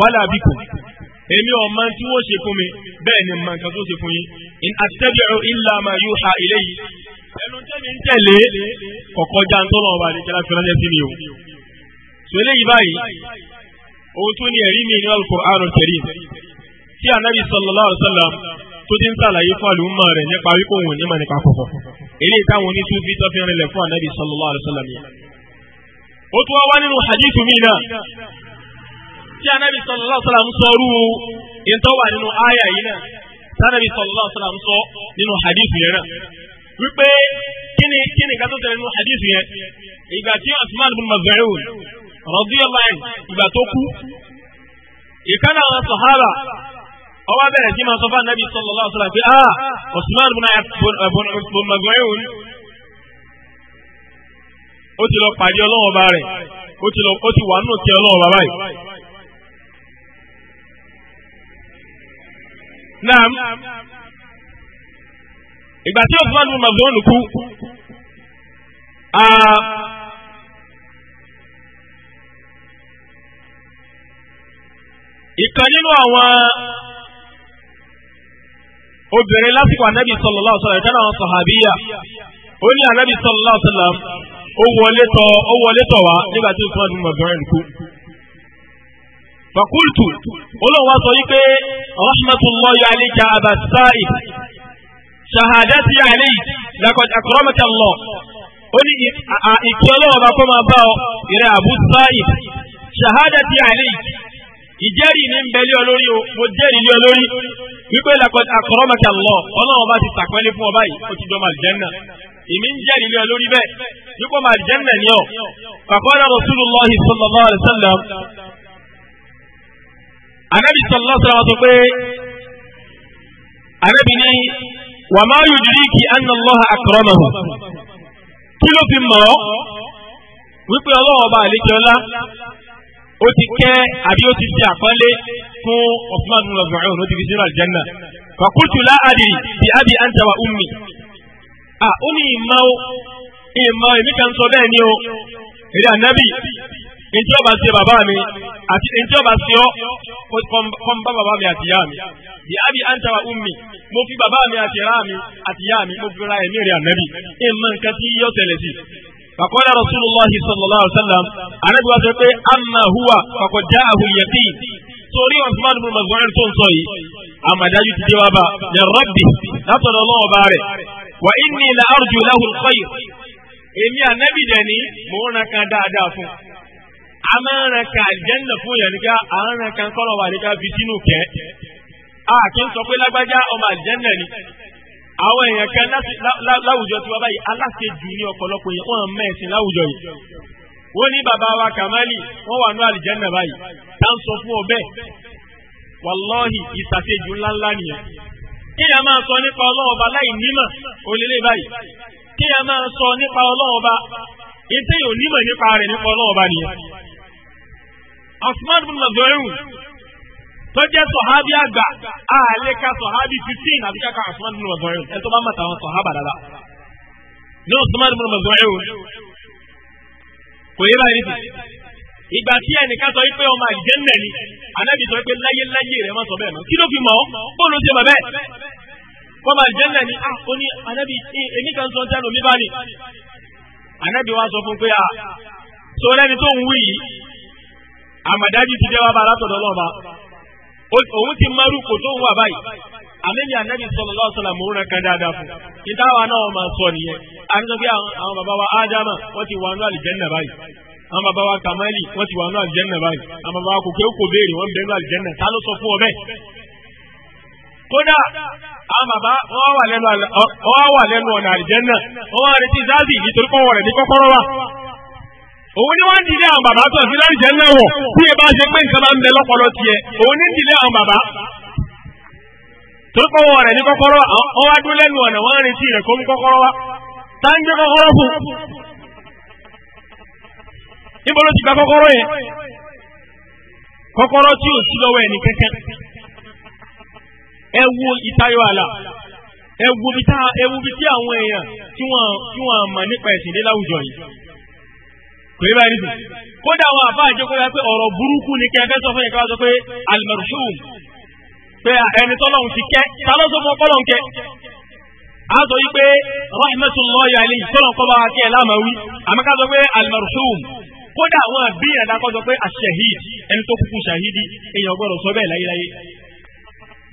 wàlá bíkù èmi ọmọ tí wọ́n ṣe fún mi bẹ́ẹ̀ ni màá kan tó ṣe fún yín in attabi'u illa ma yuha ilayya ẹnu tẹ́mi ń tẹ̀lé kọ̀kọ́jà ń tọ́lọ̀ àlékelé fẹ́ràn sí mi o tó ti ń sàlàyé fún àlùmọ́ rẹ̀ nípa wípé òun ní mànípa kọ̀kọ̀ eléyìí táwọn oníṣúfì tó fi rinlẹ̀ fún ànábì sallallahu alaihi wasallam yẹn. ó tún wá wá nínú hadithu mi náà tí ànábì sallallahu alaihi wasallam sọrú ìtọ́ wà nínú àyà yìí náà tánàbì sallallahu alaihi wasallam sọ nínú hadithu yẹn náà wípé kíni kíni ká tó tẹ̀lé nínú hadithu yẹn ìgbà tí Usman bin Maz'un radiyallahu anhu ìgbà tó kú ìkànnà àwọn sahaba ọwọ́ bẹ̀rẹ̀ sí máa sọ fún anabi sallallahu alaihi wasallam pé ah osman na magoyun ó ti lọ pàdé rẹ̀ ó ti lọ ó ti wà naam ìgbà tí osman àwọn. obìnrin lásìkò anabi sallallahu alaihi wasallam ìdáná àwọn sọ̀hábíyà ó ní anabi sallallahu alaihi wasallam ó wọlé tọ̀ ó wọlé tọ̀ wá nígbà tí usman bin mazun kú. fakultu olóhùn wa sọ wípé rahmatullahi alayka aba sa'id shahadati alayk laqad akramaka Allah ó ní ìkí bá kọ́ máa bá ọ ìrẹ́ abu sa'id shahadati alayk ìjẹ́rìí ní nbẹ̀lẹ́ olórí o mo jẹ́rìí lé olórí wípé lakọ akọrọmọkẹ lọ ọlọ́run bá ti tàpẹ́lẹ́ fún ọba yìí ó ti dọ́mọ àlìjẹ́nà èmi ń jẹ́rìí lé olórí bẹ́ẹ̀ wípé ọmọ àlìjẹ́nà ni ọ fàkọ́lá rasulullahi sallallahu alayhi wa sallam anabi sallallahu alayhi wa sallam sọ pé anabi ni wà má yudriki anna allaha akọrọmọhu kí ló fi mọ̀ ọ́ wípé ọlọ́run ọba àlejò ọlá ó ti kẹ́ àbí ó ti fi àpọ́nlé fún Uthman ibn Affan ló ti fi sínú àlùjánnà fàkútù láàdì bí abi anta wa ummi. à ó ní ìmọ̀ o ìmọ̀ èmi kan sọ bẹ́ẹ̀ ni o èrè ànábì ntí ọba ṣe bàbá mi àti ntí ọba ṣe ọ kọ́ ń bá bàbá mi àti ìyá mi bí abi anta wa ummi mo fi bàbá mi àti ìyá mi àti ìyá mi mo fi ra ẹ̀mí rẹ̀ ànábì ìmọ̀ nǹkan tí yóò tẹ̀lẹ̀ sí fàkọ́lá rasulillah sallallahu alayhi wa sallam anabi wa sọ pé amma huwa fàkọ́ já àhùn yẹtí torí osman bin mazmu'in tó ń sọ yìí àmàdájú ti dé wá bá ní rabbi látọ̀dọ̀ ọlọ́wọ́ bá rẹ̀ wa inni la arju lahu alkhayr èmi ànábì dẹni mò ń ran kan dáadáa fún a máa ń ran kan àjẹ́ńdà fún yẹn kan kọ́lọ̀ wà nígbà fi sínú a kì í sọ pé lágbájá ọmọ àjẹ́ńdà ni àwọn èèyàn kan láwùjọ tí wọ́n báyìí aláṣejù ní ọ̀pọ̀lọpọ̀ yẹn wọ́n mẹ́sìn láwùjọ yìí wọ́n ní bàbá wa kàmáàlì wọ́n wà ní àlìjẹ́nà báyìí tá ń sọ fún ọbẹ̀ wàlọ́ọ̀hì ìṣàṣejù ńláńlá nìyẹn kí a máa sọ nípa ọlọ́run ọba láì nímọ̀ òlélé báyìí kí a máa sọ nípa ọlọ́run ọba nímọ̀ nípa rẹ̀ nípa ọlọ́run nìyẹn. tọ́jẹ́ sọ̀hábí àgbà àlékà sọ̀hábí fifteen àbí kàkà Usman bin Maz'un ẹ̀ tó bá mọ̀ta àwọn sọ̀hábà dára ní Usman bin Maz'un kò yé báyìí nìyí ìgbà tí sọ pé ọmọ àlìjẹ́nà ni anábì sọ láyé láyé rẹ̀ má sọ bẹ́ẹ̀ mọ́ kí fi mọ̀ ọ́ ṣe mọ̀ bẹ́ẹ̀ ọmọ ni ah, ó ní anábì èmi kan sọ jáde omi bá anábì wa a sọ lẹ́ni tó ń wí yìí àmọ̀dájú ti jẹ́ òun ti márù kò tó wà báyìí àmẹ́bí ànábì sallallahu alaihi wasallam múrùn kan dáadáa fún ìtawà náà máa sọ nìyẹn àrídọ́bí àwọn bàbá wa ádámà wọ́n ti wà ní àlìjẹ́nà báyìí àwọn bàbá wa kàmáìlì wọ́n ti wà ní àlìjẹ́nà báyìí àwọn bàbá wa kòkè kò béèrè wọ́n bẹ̀rù àlìjẹ́nà ta ló sọ fún ọ bẹ́ẹ̀. kódà àwọn bàbá wọ́n wà lẹ́nu ọ̀nà àlìjẹ́nà wọ́n òun ni wọ́n dìde àwọn bàbá tó fi lọ́rì jẹ́ náà wọ̀ bí ẹ bá ṣe pé nǹkan bá ń bẹ lọ́pọlọ tiẹ̀ òun ni dìde àwọn bàbá. torí kọ́wọ́ rẹ̀ ní kọ́kọ́rọ́ ọ wá dúró lẹ́nu ọ̀nà wọ́n rìn tí rẹ̀ kó mú kọ́kọ́rọ́ wá tá ń gbé kọ́kọ́rọ́ fún. níbo ló ti gba kọ́kọ́rọ́ yẹn kọ́kọ́rọ́ tí ò sí lọ́wọ́ ẹni kẹ́kẹ́ ẹ wo ìtayọ àlà ẹ wo bí tí àwọn èèyàn tí wọ́n mọ̀ nípa ẹ̀sìn kò yẹ báyìí nìyí kódà àwọn àbá àjẹkọ yà pé ọ̀rọ̀ burúkú ni kẹfẹ sọ fún yẹn káwá sọ pé alimarushum pé ẹni tọ́lọ́hún ti kẹ́ tálọ́ sọ fún ọpọlọ́hún kẹ́ a sọ yìí pé rahmatullahi alayhi tọ́lọ́hún kọ́ bá wa kẹ́ ẹ̀ lámàwí àmọ́ ká sọ pé alimarushum kódà àwọn àbíyàn dákọ́ sọ pé àṣehid ẹni tó kúkú ṣàhídì èèyàn gbọ́dọ̀ sọ bẹ́ẹ̀ láyéláyé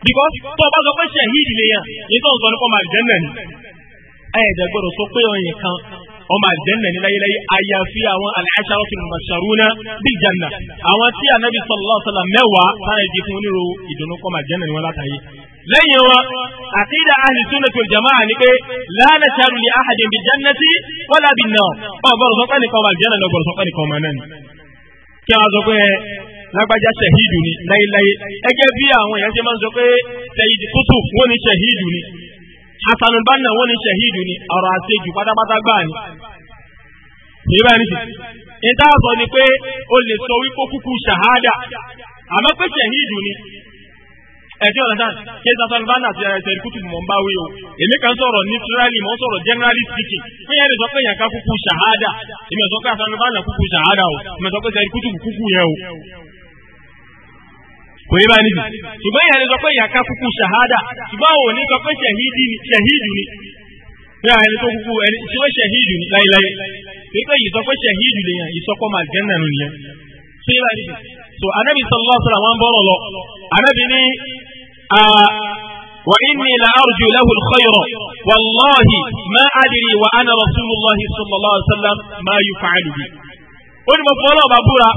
because tó o bá sọ pé ṣàhídì lèèyàn yìí tó ń sọ nípa màjẹ́nà ọmọ àjẹ́nà ní láyéláyé àyàfi àwọn al-asharatu al-mubashsharuna bil janna àwọn tí ànábì sallallahu alaihi wasallam mẹ́wàá táyà di fún onírò ìdùnnú kọ́ ọmọ àjẹ́nà ní wọn látàyè. lẹ́yìn wọn àkídà ahli sunnati wal jama'a ni pé la nashhadu li ahadin bil jannati wala bin nar ọgbọ̀rọ̀ sọ́kẹ́ nìkan ọmọ àjẹ́nà ní ọgbọ̀rọ̀ sọ́kẹ́ nìkan ọmọ náà kí wọn sọ pé lágbájá ṣẹ̀hídù ni láyéláyé ẹgẹ́ bí àwọn èèyàn ṣe máa ń sọ pé ṣẹ̀hídù kútù wọn ni ṣẹ̀hídù ni Asanubana al-Banna wọ́n ní ṣahidu ni ọ̀rọ̀ àṣejù pátápátá gbáà ni níbà ní sí ìta sọ ni pé o lè sọ wípé kúkú ṣahada àmọ́ pé ṣahidu ni ẹ̀jẹ̀ ọ̀dàdàn kí Hasan al-Banna àti ẹ̀sẹ̀ ìkútù wí o èmi kan sọ̀rọ̀ nítorálì mọ̀ ń sọ̀rọ̀ generally speaking fún yẹn lè sọ pé yẹn ká kúkú ṣahada èmi sọ pé Hasan al kúkú ṣahada o èmi sọ pé ẹ̀sẹ̀ kúkú yẹn o kò yé báyìí níbi ṣùgbọ́n ìyá lè sọ pé ìyàká kúkú ṣàhádà ṣùgbọ́n àwọn òní sọ pé ṣẹ̀hídì ni ṣẹ̀hídì ni bí àwọn ẹni tó kúkú ẹni tí wọ́n ṣẹ̀hídì ni láíláí pé pé yìí sọ pé ṣẹ̀hídì lè yàn ìsọpọ̀ máa jẹ́ nànú nìyẹn ṣé yé níbi so anabi sallallahu alaihi wasallam bọ̀rọ̀ lọ anabi ní wa inni la arju lahu al wallahi ma adri wa ana rasulullahi sallallahu alaihi wasallam ma yuf'alu bi. ó ní mo fọ́ ọlọ́ọ̀bà búra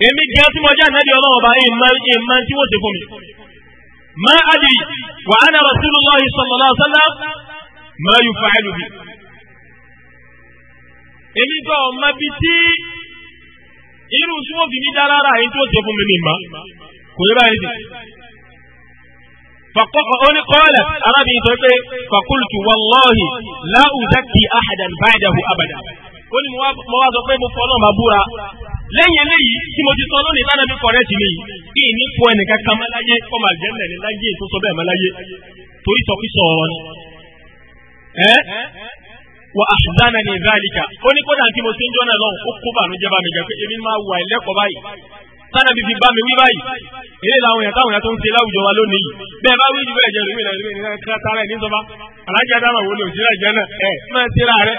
èmi gan tí mo jẹ́ ànábì ọlọ́run ọba ìmọ̀ tí wọ́n ṣe fún mi. má adìrí wà á na rasulullahi sallallahu alaihi wasallam má yù fà ẹlù èmi gbọ́ ọmọ bí tí irú tí wọ́n fi mí dá rárá èyí tí wọ́n ṣe fún mi mi kò yẹ báyìí lẹ́yìn eléyìí tí mo ti sọ lónìí bá nàbí kọ̀rẹ́ ti mi yìí kí ní fún ẹnìkan kan má láyé kọ́ máa jẹ́ nílẹ̀ ní láyé tó sọ bẹ́ẹ̀ má láyé torí sọkúsọ ọ̀rọ̀ ni. ẹ wà á dáná ní ìdáríkà ó ní kódà tí mo ti ń jọ́nà lọ́hùn ó kó bànújẹ́ bá mi jà pé èmi máa wà ẹlẹ́kọ̀ọ́ báyìí sanabi fi bá mi wí báyìí èyí làwọn yàtọ̀ àwọn yàtọ̀ ń ṣe láwùjọ wa lónìí bẹ́ẹ̀ bá wí jù bẹ́ẹ̀ jẹ́ lómi náà lómi náà kíláta rẹ̀ ní sọ́ba alájà dáná wo ni òṣèlú ẹ̀jẹ̀ náà ẹ̀ máa ń ṣe láàárẹ̀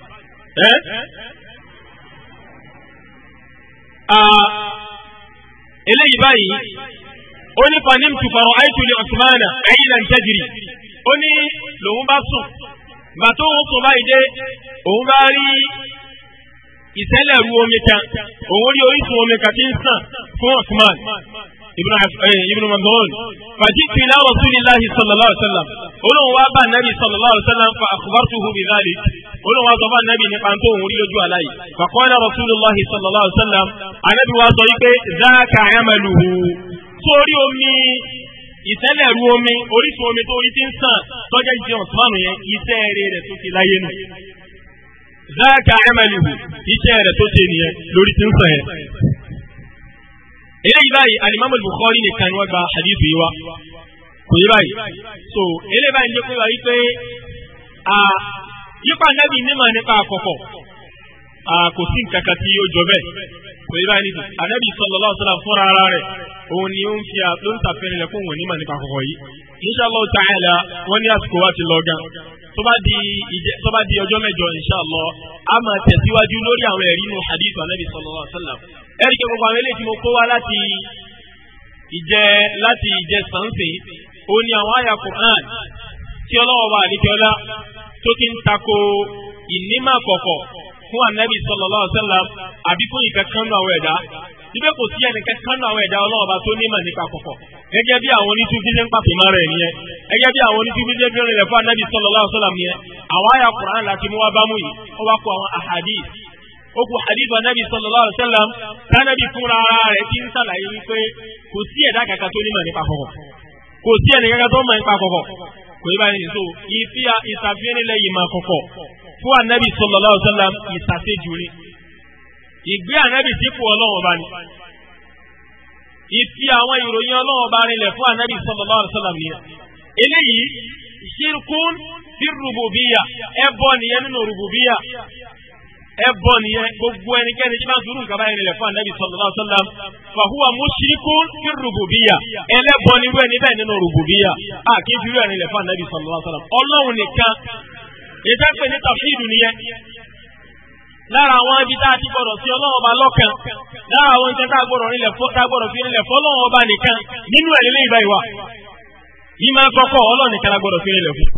ẹ́ eléyìí báyìí ó ní fanim tufaro aituli osmana ayila ntẹ́jiri ó ní lòun bá sùn gbà tó ń sùn báyìí dé òun bá rí ìṣẹ̀lẹ̀ ru omi kan òun rí orísun omi kan tí ń sàn fún osman eh, ibn mazun fajitu ila rasulillahi sallallahu alaihi wasallam olóhùn wa bá nabi sallallahu alaihi wasallam fa akhbartuhu bi dhalik olùwà sọ fún anabi nípa tó ń rí lójú aláì fàkọ́lá rasulullahi sallallahu alayhi wa sallam anabi wa sọ wípé záàkà amaluhu sórí omi ìtẹ́lẹ̀ ru omi orísun omi tó rí ti ń sàn tọ́jà ìṣe ọ̀sán yẹn iṣẹ́ eré rẹ̀ tó ti láyé nù záàkà amaluhu iṣẹ́ rẹ̀ tó ṣe nìyẹn lórí ti ń sàn yẹn. eléyìí báyìí alimami bukhari nìkan ni wọ́n gba hadith yìí wa kò yí báyìí so eléyìí báyìí ń jẹ́ pé wáyé yípa nẹ́bí nímọ̀ nípa àkọ́kọ́ kò sí nǹkan kan tí yóò jọ bẹ́ẹ̀ kò yí báyìí nìkan ànẹ́bí sallallahu alaihi wasallam fúnra ara rẹ̀ òun ni ó ń fi ló ń tàfihàn fún òun nímọ̀ nípa àkọ́kọ́ yìí insha Allah ta'ala wọ́n ní àsìkò wa ti lọ gan tó bá di ọjọ́ mẹ́jọ insha a máa tẹ̀síwájú lórí àwọn ẹ̀rí inú hadith ànẹ́bí sallallahu alaihi wasallam ẹ̀rí kí gbogbo àwọn eléyìí tí mo kó wá Qur'an tí ọlọ́wọ́ wa tó ti ń tako fún anabi sallallahu alaihi wasallam àbí fún àwọn ẹ̀dá ibẹ̀ kò sí ẹnìkankan nù àwọn ẹ̀dá Ọlọ́run tó nímọ̀ nípa kọ̀kọ̀ gẹ́gẹ́ bí àwọn onítúbílẹ̀ ń pàtó máa nìyẹn gẹ́gẹ́ bí àwọn onítúbílẹ̀ ń rẹ fún anabi sallallahu alaihi nìyẹn àwọn àyà Qur'an láti mú wa bá mú yìí ó wá kó àwọn anabi fúnra kò yí báyìí so ìfi ìsàfihànilẹ̀ yìí máa kọ̀kọ̀ fún anabi sallallahu alaihi wasallam ìsàtẹ́jú ni ìgbé anabi sípò ọlọ́run ọba ni ìfi àwọn ìròyìn ọlọ́run ọba rinlẹ̀ fún anabi sallallahu alaihi wasallam ni eléyìí ṣírkún fi rùbùbíyà ẹbọ nìyẹn nínú rùbùbíyà ẹbọ nìyẹn gbogbo ẹnikẹ́ni tí máa ń sùúrù kaba yẹn fún anabi sallallahu alaihi wasallam fahuwa mushrikun fi rububiya ẹlẹ́bọ nírú ẹni nínú rububiya a kì í fi rú ẹni fún anabi sallallahu alaihi wasallam nìkan ní nìyẹn lára àwọn ibi tá a ti sí ọba lára àwọn ibi tá a fi ọba nìkan nínú wa yìí akọkọ kọ́kọ́ nìkan la fi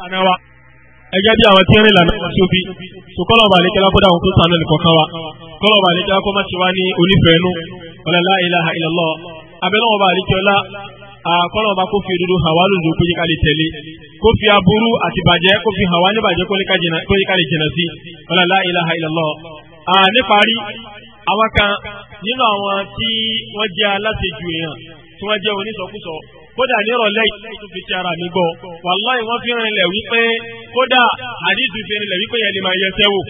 ìlànà wa ẹgẹ́ bí àwọn tí ń rìn lànà Sufi so kọ́lọ̀ ọba àlekẹ́lá kó dáhùn tó sànú ẹnìkọ̀ọ̀kan wa kọ́lọ̀ ọba àlekẹ́lá kó má ti wá ní onífẹ̀ẹ́nu wala la ilaha illallah abẹ́lẹ́ ọba àlekẹ́lá kọ́lọ̀ ọba kó fi dúdú hàn wá lójú kó yẹ ká lè tẹ̀lé kó fi aburú àti bàjẹ́ kó fi hàn wá ní bàjẹ́ kó yẹ ká lè jìnà sí wala la ilaha illallah níparí àwọn kan nínú àwọn tí wọ́n jẹ́ alásejù èèyàn tí wọ́n jẹ́ onísọkúsọ kódà nírọ̀lẹ́ tó fi ti ara mi gbọ́ wàláì wọ́n fi rinlẹ̀ wípé kódà àdídù fi rinlẹ̀ wípé yẹn ni máa yẹ sẹ́wò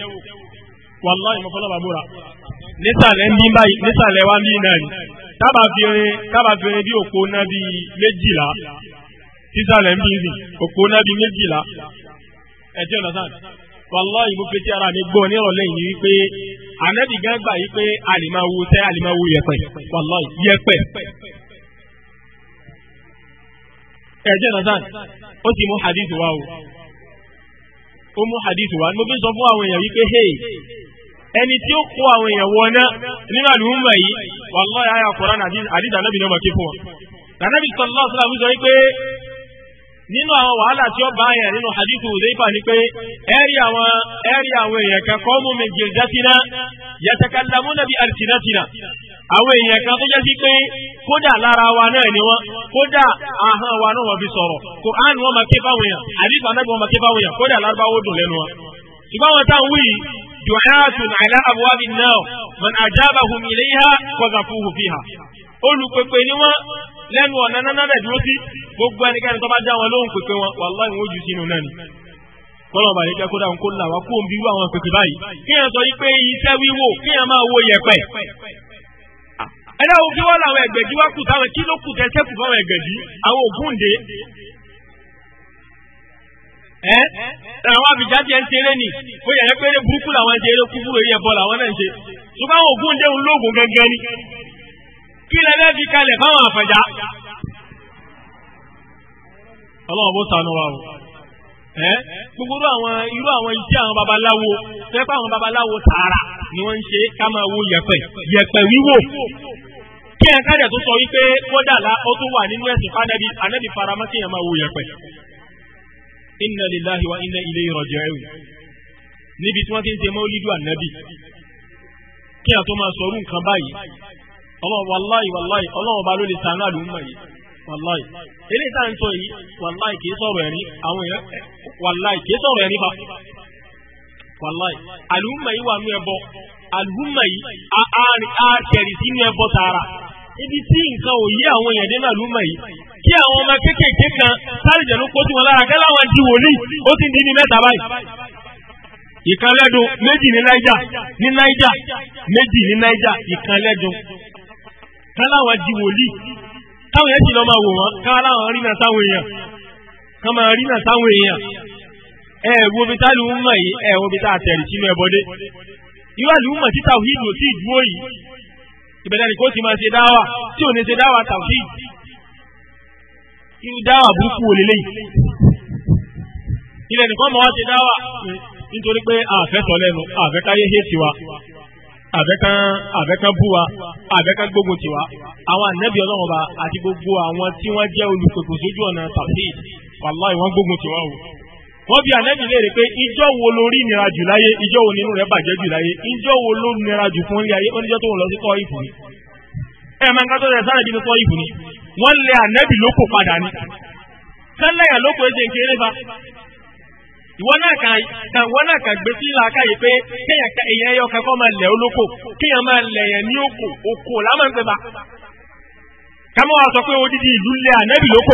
wàláì mo fọlọ́ bàbúrà nísàlẹ̀ ń bí báyìí nísàlẹ̀ wá ń bí náà ni tábà fi rin tábà fi rin bí òpó náà bí méjìlá sísàlẹ̀ ń bí rìn òpó náà bí méjìlá ẹ̀jẹ̀ ọ̀nà wàláì mo fi ti ara mi gbọ́ nírọ̀lẹ́ yìí wípé ànẹ́bì gbà yìí pé àlìmáwo tẹ́ àlìmáwo yẹpẹ̀ wàláì yẹpẹ̀ ẹ̀jẹ̀ nàzán ó ti mú hadith wá o ó mú hadith wá mo fi sọ fún àwọn èèyàn wípé hey ẹni tí ó kó àwọn èèyàn wọná nínú àlùmọ̀ yìí wallahi àyà Qur'an hadith ànábì náà máa ké fún wa ànábì sallallahu alaihi wasallam sọ wípé nínú àwọn wàhálà tí ó bá yẹn nínú hadith Hudhayfa ni pé ẹ̀rí àwọn ẹ̀rí àwọn èèyàn kan kọ́ mú min jildatina yatakallamu bi alsinatina àwọn èèyàn kan tó jẹ́ sí pé kódà lára wa náà ni wọ́n kódà ahọ́n wa náà wọ́n fi sọ̀rọ̀ Quran wọn máa ké fáwọn èèyàn àdìsí anábì máa ké fáwọn èèyàn kódà lárúbáwó dùn lẹ́nu wọn. ṣùgbọ́n táwọn ala abwabi náà man ajabahum ilayha qazafuhu fiha. ni wọ́n lẹ́nu ọ̀nà náà rẹ̀ dúró sí gbogbo ẹnikẹ́ni tó bá já wọn wọn sínú náà ni kódà là wá kó ń bí àwọn pèpè báyìí. ẹ̀rẹ́ àwọn kí wọ́n làwọn ẹ̀gbẹ̀dì wá kù táwọn kí ló kù tẹ́sẹ̀ kù fáwọn ẹ̀gbẹ̀dì àwọn ògúnde. ẹ àwọn àbíjá tiẹ̀ ń ṣeré ni ó yẹ pé burúkú làwọn ṣe eré kúkú eré ẹ̀bọ làwọn náà ń ṣe ṣùgbọ́n àwọn ògúnde ń lóògùn gẹ́gẹ́ ni kí lẹ fẹ́ fi kalẹ̀ fáwọn àfẹ̀já. ọlọ́run bó sànù wa o gbogbo àwọn irú àwọn iṣẹ́ àwọn babaláwo fẹ́ pé àwọn babaláwo tààrà ni wọ́n ń ṣe ká máa wo yẹ̀pẹ̀ yẹ̀pẹ̀ wíwò kí ẹ káàdà tó sọ wípé kódà la ó tún wà nínú ẹ̀sìn fánẹ́bí anẹ́bí faramọ́ kí ẹ máa wa inna ilayhi raji'un níbi tí wọ́n ti ń ṣe mọ́lídù ànábì kí ẹ tó máa sọ nǹkan báyìí bá ló lè tá à ń sọ yìí sọ̀rọ̀ ẹ̀rí àwọn èèyàn sọ̀rọ̀ ẹ̀rí yìí wà nú yìí ibi tí nǹkan ò yí àwọn èèyàn nínú àlùmọ̀ yìí kí àwọn ọmọ kéékèèké kan sáré jẹ̀nu kó sí wọn lára kí láwọn di wòlíì ó ti ń di ní mẹ́ta báyìí. ìkànlẹ́dùn méjì ní Niger ní Niger méjì ní Niger ìkànlẹ́dùn kí láwọn di wòlíì táwọn yẹn sì lọ́ máa wò wọ́n ká láwọn rí náà sáwọn èèyàn ká máa rí náà sáwọn èèyàn ẹ wo bí táàlù ń mọ̀ yìí ẹ wo bí táà tẹ̀rì sínú ẹbọdé irú àlùmọ̀ títà ìbẹ̀dẹ̀ ni kò ti máa ṣe dáwà tí ò ní ṣe dáwà tàbí irú dáwà burúkú wò lélẹ́yìn ilẹ̀ nìkan máa wá ṣe dáwà nítorí pé àfẹ́tọ̀ lẹ́nu àfẹ́káyé hé tiwa àfẹ́kán àfẹ́kán bú wa àfẹ́kán gbógun tiwa àwọn ànẹ́bí ọlọ́run ọba àti gbogbo àwọn tí wọ́n jẹ́ olùkòkò sójú ọ̀nà tàbí wàláì wọ́n gbógun tiwa o wọ́n bí ànábì léèrè pé ìjọ́ wo lórí nira jù láyé ìjọ́ wo nínú rẹ̀ bàjẹ́ jù láyé ìjọ́ wo ló nira jù fún ilé ayé oníjọ́ tó ń lọ sí tọ́ ìfù ni. ẹ máa ń ká tó rẹ̀ sáré bí tọ́ ìfù ni wọ́n lé ànábì lóko padà ni. sẹ́lẹ̀yà lóko ẹ̀jẹ̀ nkéré fa. ìwọ náà kà ìwọ náà kà gbé sí ilà káyè pé kéèyàn èèyàn ẹyọ kankan máa lẹ̀ olóko kéèyàn máa lẹ̀ yẹn ní oko oko làwọn máa ń pè bá. kámọ́ wa sọ pé odidi ìlú lé ànábì lóko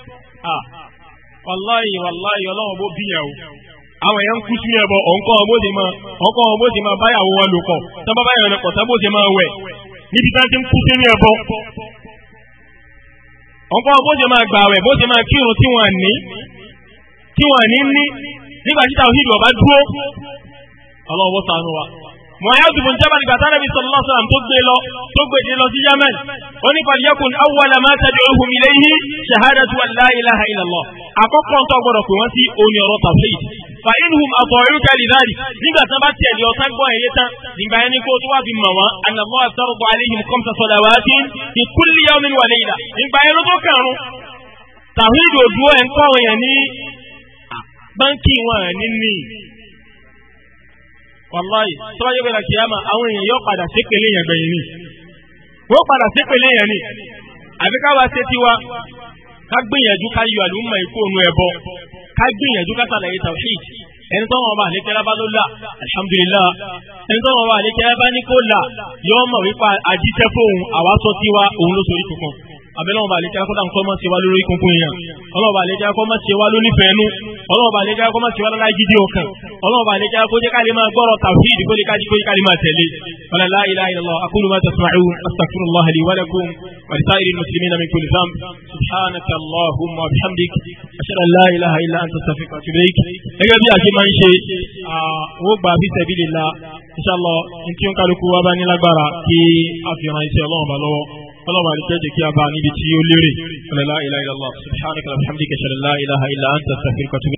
wàláyé ah. wàláyé ọlọ́run bó o àwọn èèyàn ń kú sí ẹbọ ọ̀nkọ́ ọmọ máa ọ̀nkọ́ ọmọ máa báyàwó wọn lò pọ̀ báyàwó wọn lò pọ̀ máa wẹ̀ níbi tá ti ń kú sí ẹbọ ọ̀nkọ́ máa bó ṣe máa kírun tí wọ́n ní tí wọ́n ní ní nígbà Mu'adh bin Jabal nígbà tára bí sallallahu alaihi wasallam tó gbé lọ tó gbé dé lọ sí Yemen ó ní falyakun awwala ma tad'uhum ilayhi shahadatu an la ilaha illallah àkọ́kọ́ ń tọ́ gbọ́dọ̀ pé wọ́n sí oní ọ̀rọ̀ tawhid fa inhum ata'uka lidhalik nígbà tán bá tẹ̀lé ọ̀tá gbọ́ ẹ̀yẹ tán nígbà yẹn kó tó wà fi mọ̀ wọ́n anna Allah farada alayhim khamsa salawatin fi kulli yawmin wa layla nígbà yẹn tó kàrún tawhid òdúró ẹ̀ ń kọ́ ọ̀yàn ní báńkì wọn ní ní wàláyé tó bá yẹ bẹ́ẹ̀ kíyàmá àwọn èèyàn yóò padà sépèlé yẹn gbẹ̀yìn ni wọ́n padà sépèlé yẹn ni àbí káwa ṣe tiwa ká gbìyànjú ká yọ àlùmọ̀ ikú ònú ẹ̀bọ ká gbìyànjú ká sàlàyé tawhid ẹni tó wọn bá àlékẹ́lá bá ló là alhamdulillah ẹni tó wọn bá àlékẹ́lá bá ní kó là yọ ọmọ wípé àjíṣẹ́ fóun àwa sọ tiwa òun ló sorí tuntun abẹ́lẹ́wọ̀n bá àlejò akọ́dà nǹkan mọ́ ṣe wá lórí kunkun yẹn ọlọ́wọ́ bá àlejò akọ́ mọ́ ṣe wá lónífẹ̀ẹ́ nú ọlọ́wọ́ bá àlejò akọ́ mọ́ ṣe wá lọ́la gidi ọkàn ọlọ́wọ́ àlejò akọ́ jẹ́ ká máa gbọ́rọ̀ tawhid kó lè kájí kó lè máa tẹ̀lé wala la ilaha illallah máa ń ṣe owó gbà fi sabilillah inshallah ntí ó ń wa bá ní فلو بعد ذلك يا بني بتيو ليري لا إله إلا الله سبحانك وبحمدك أشهد أن لا إله إلا أنت أستغفرك وأتوب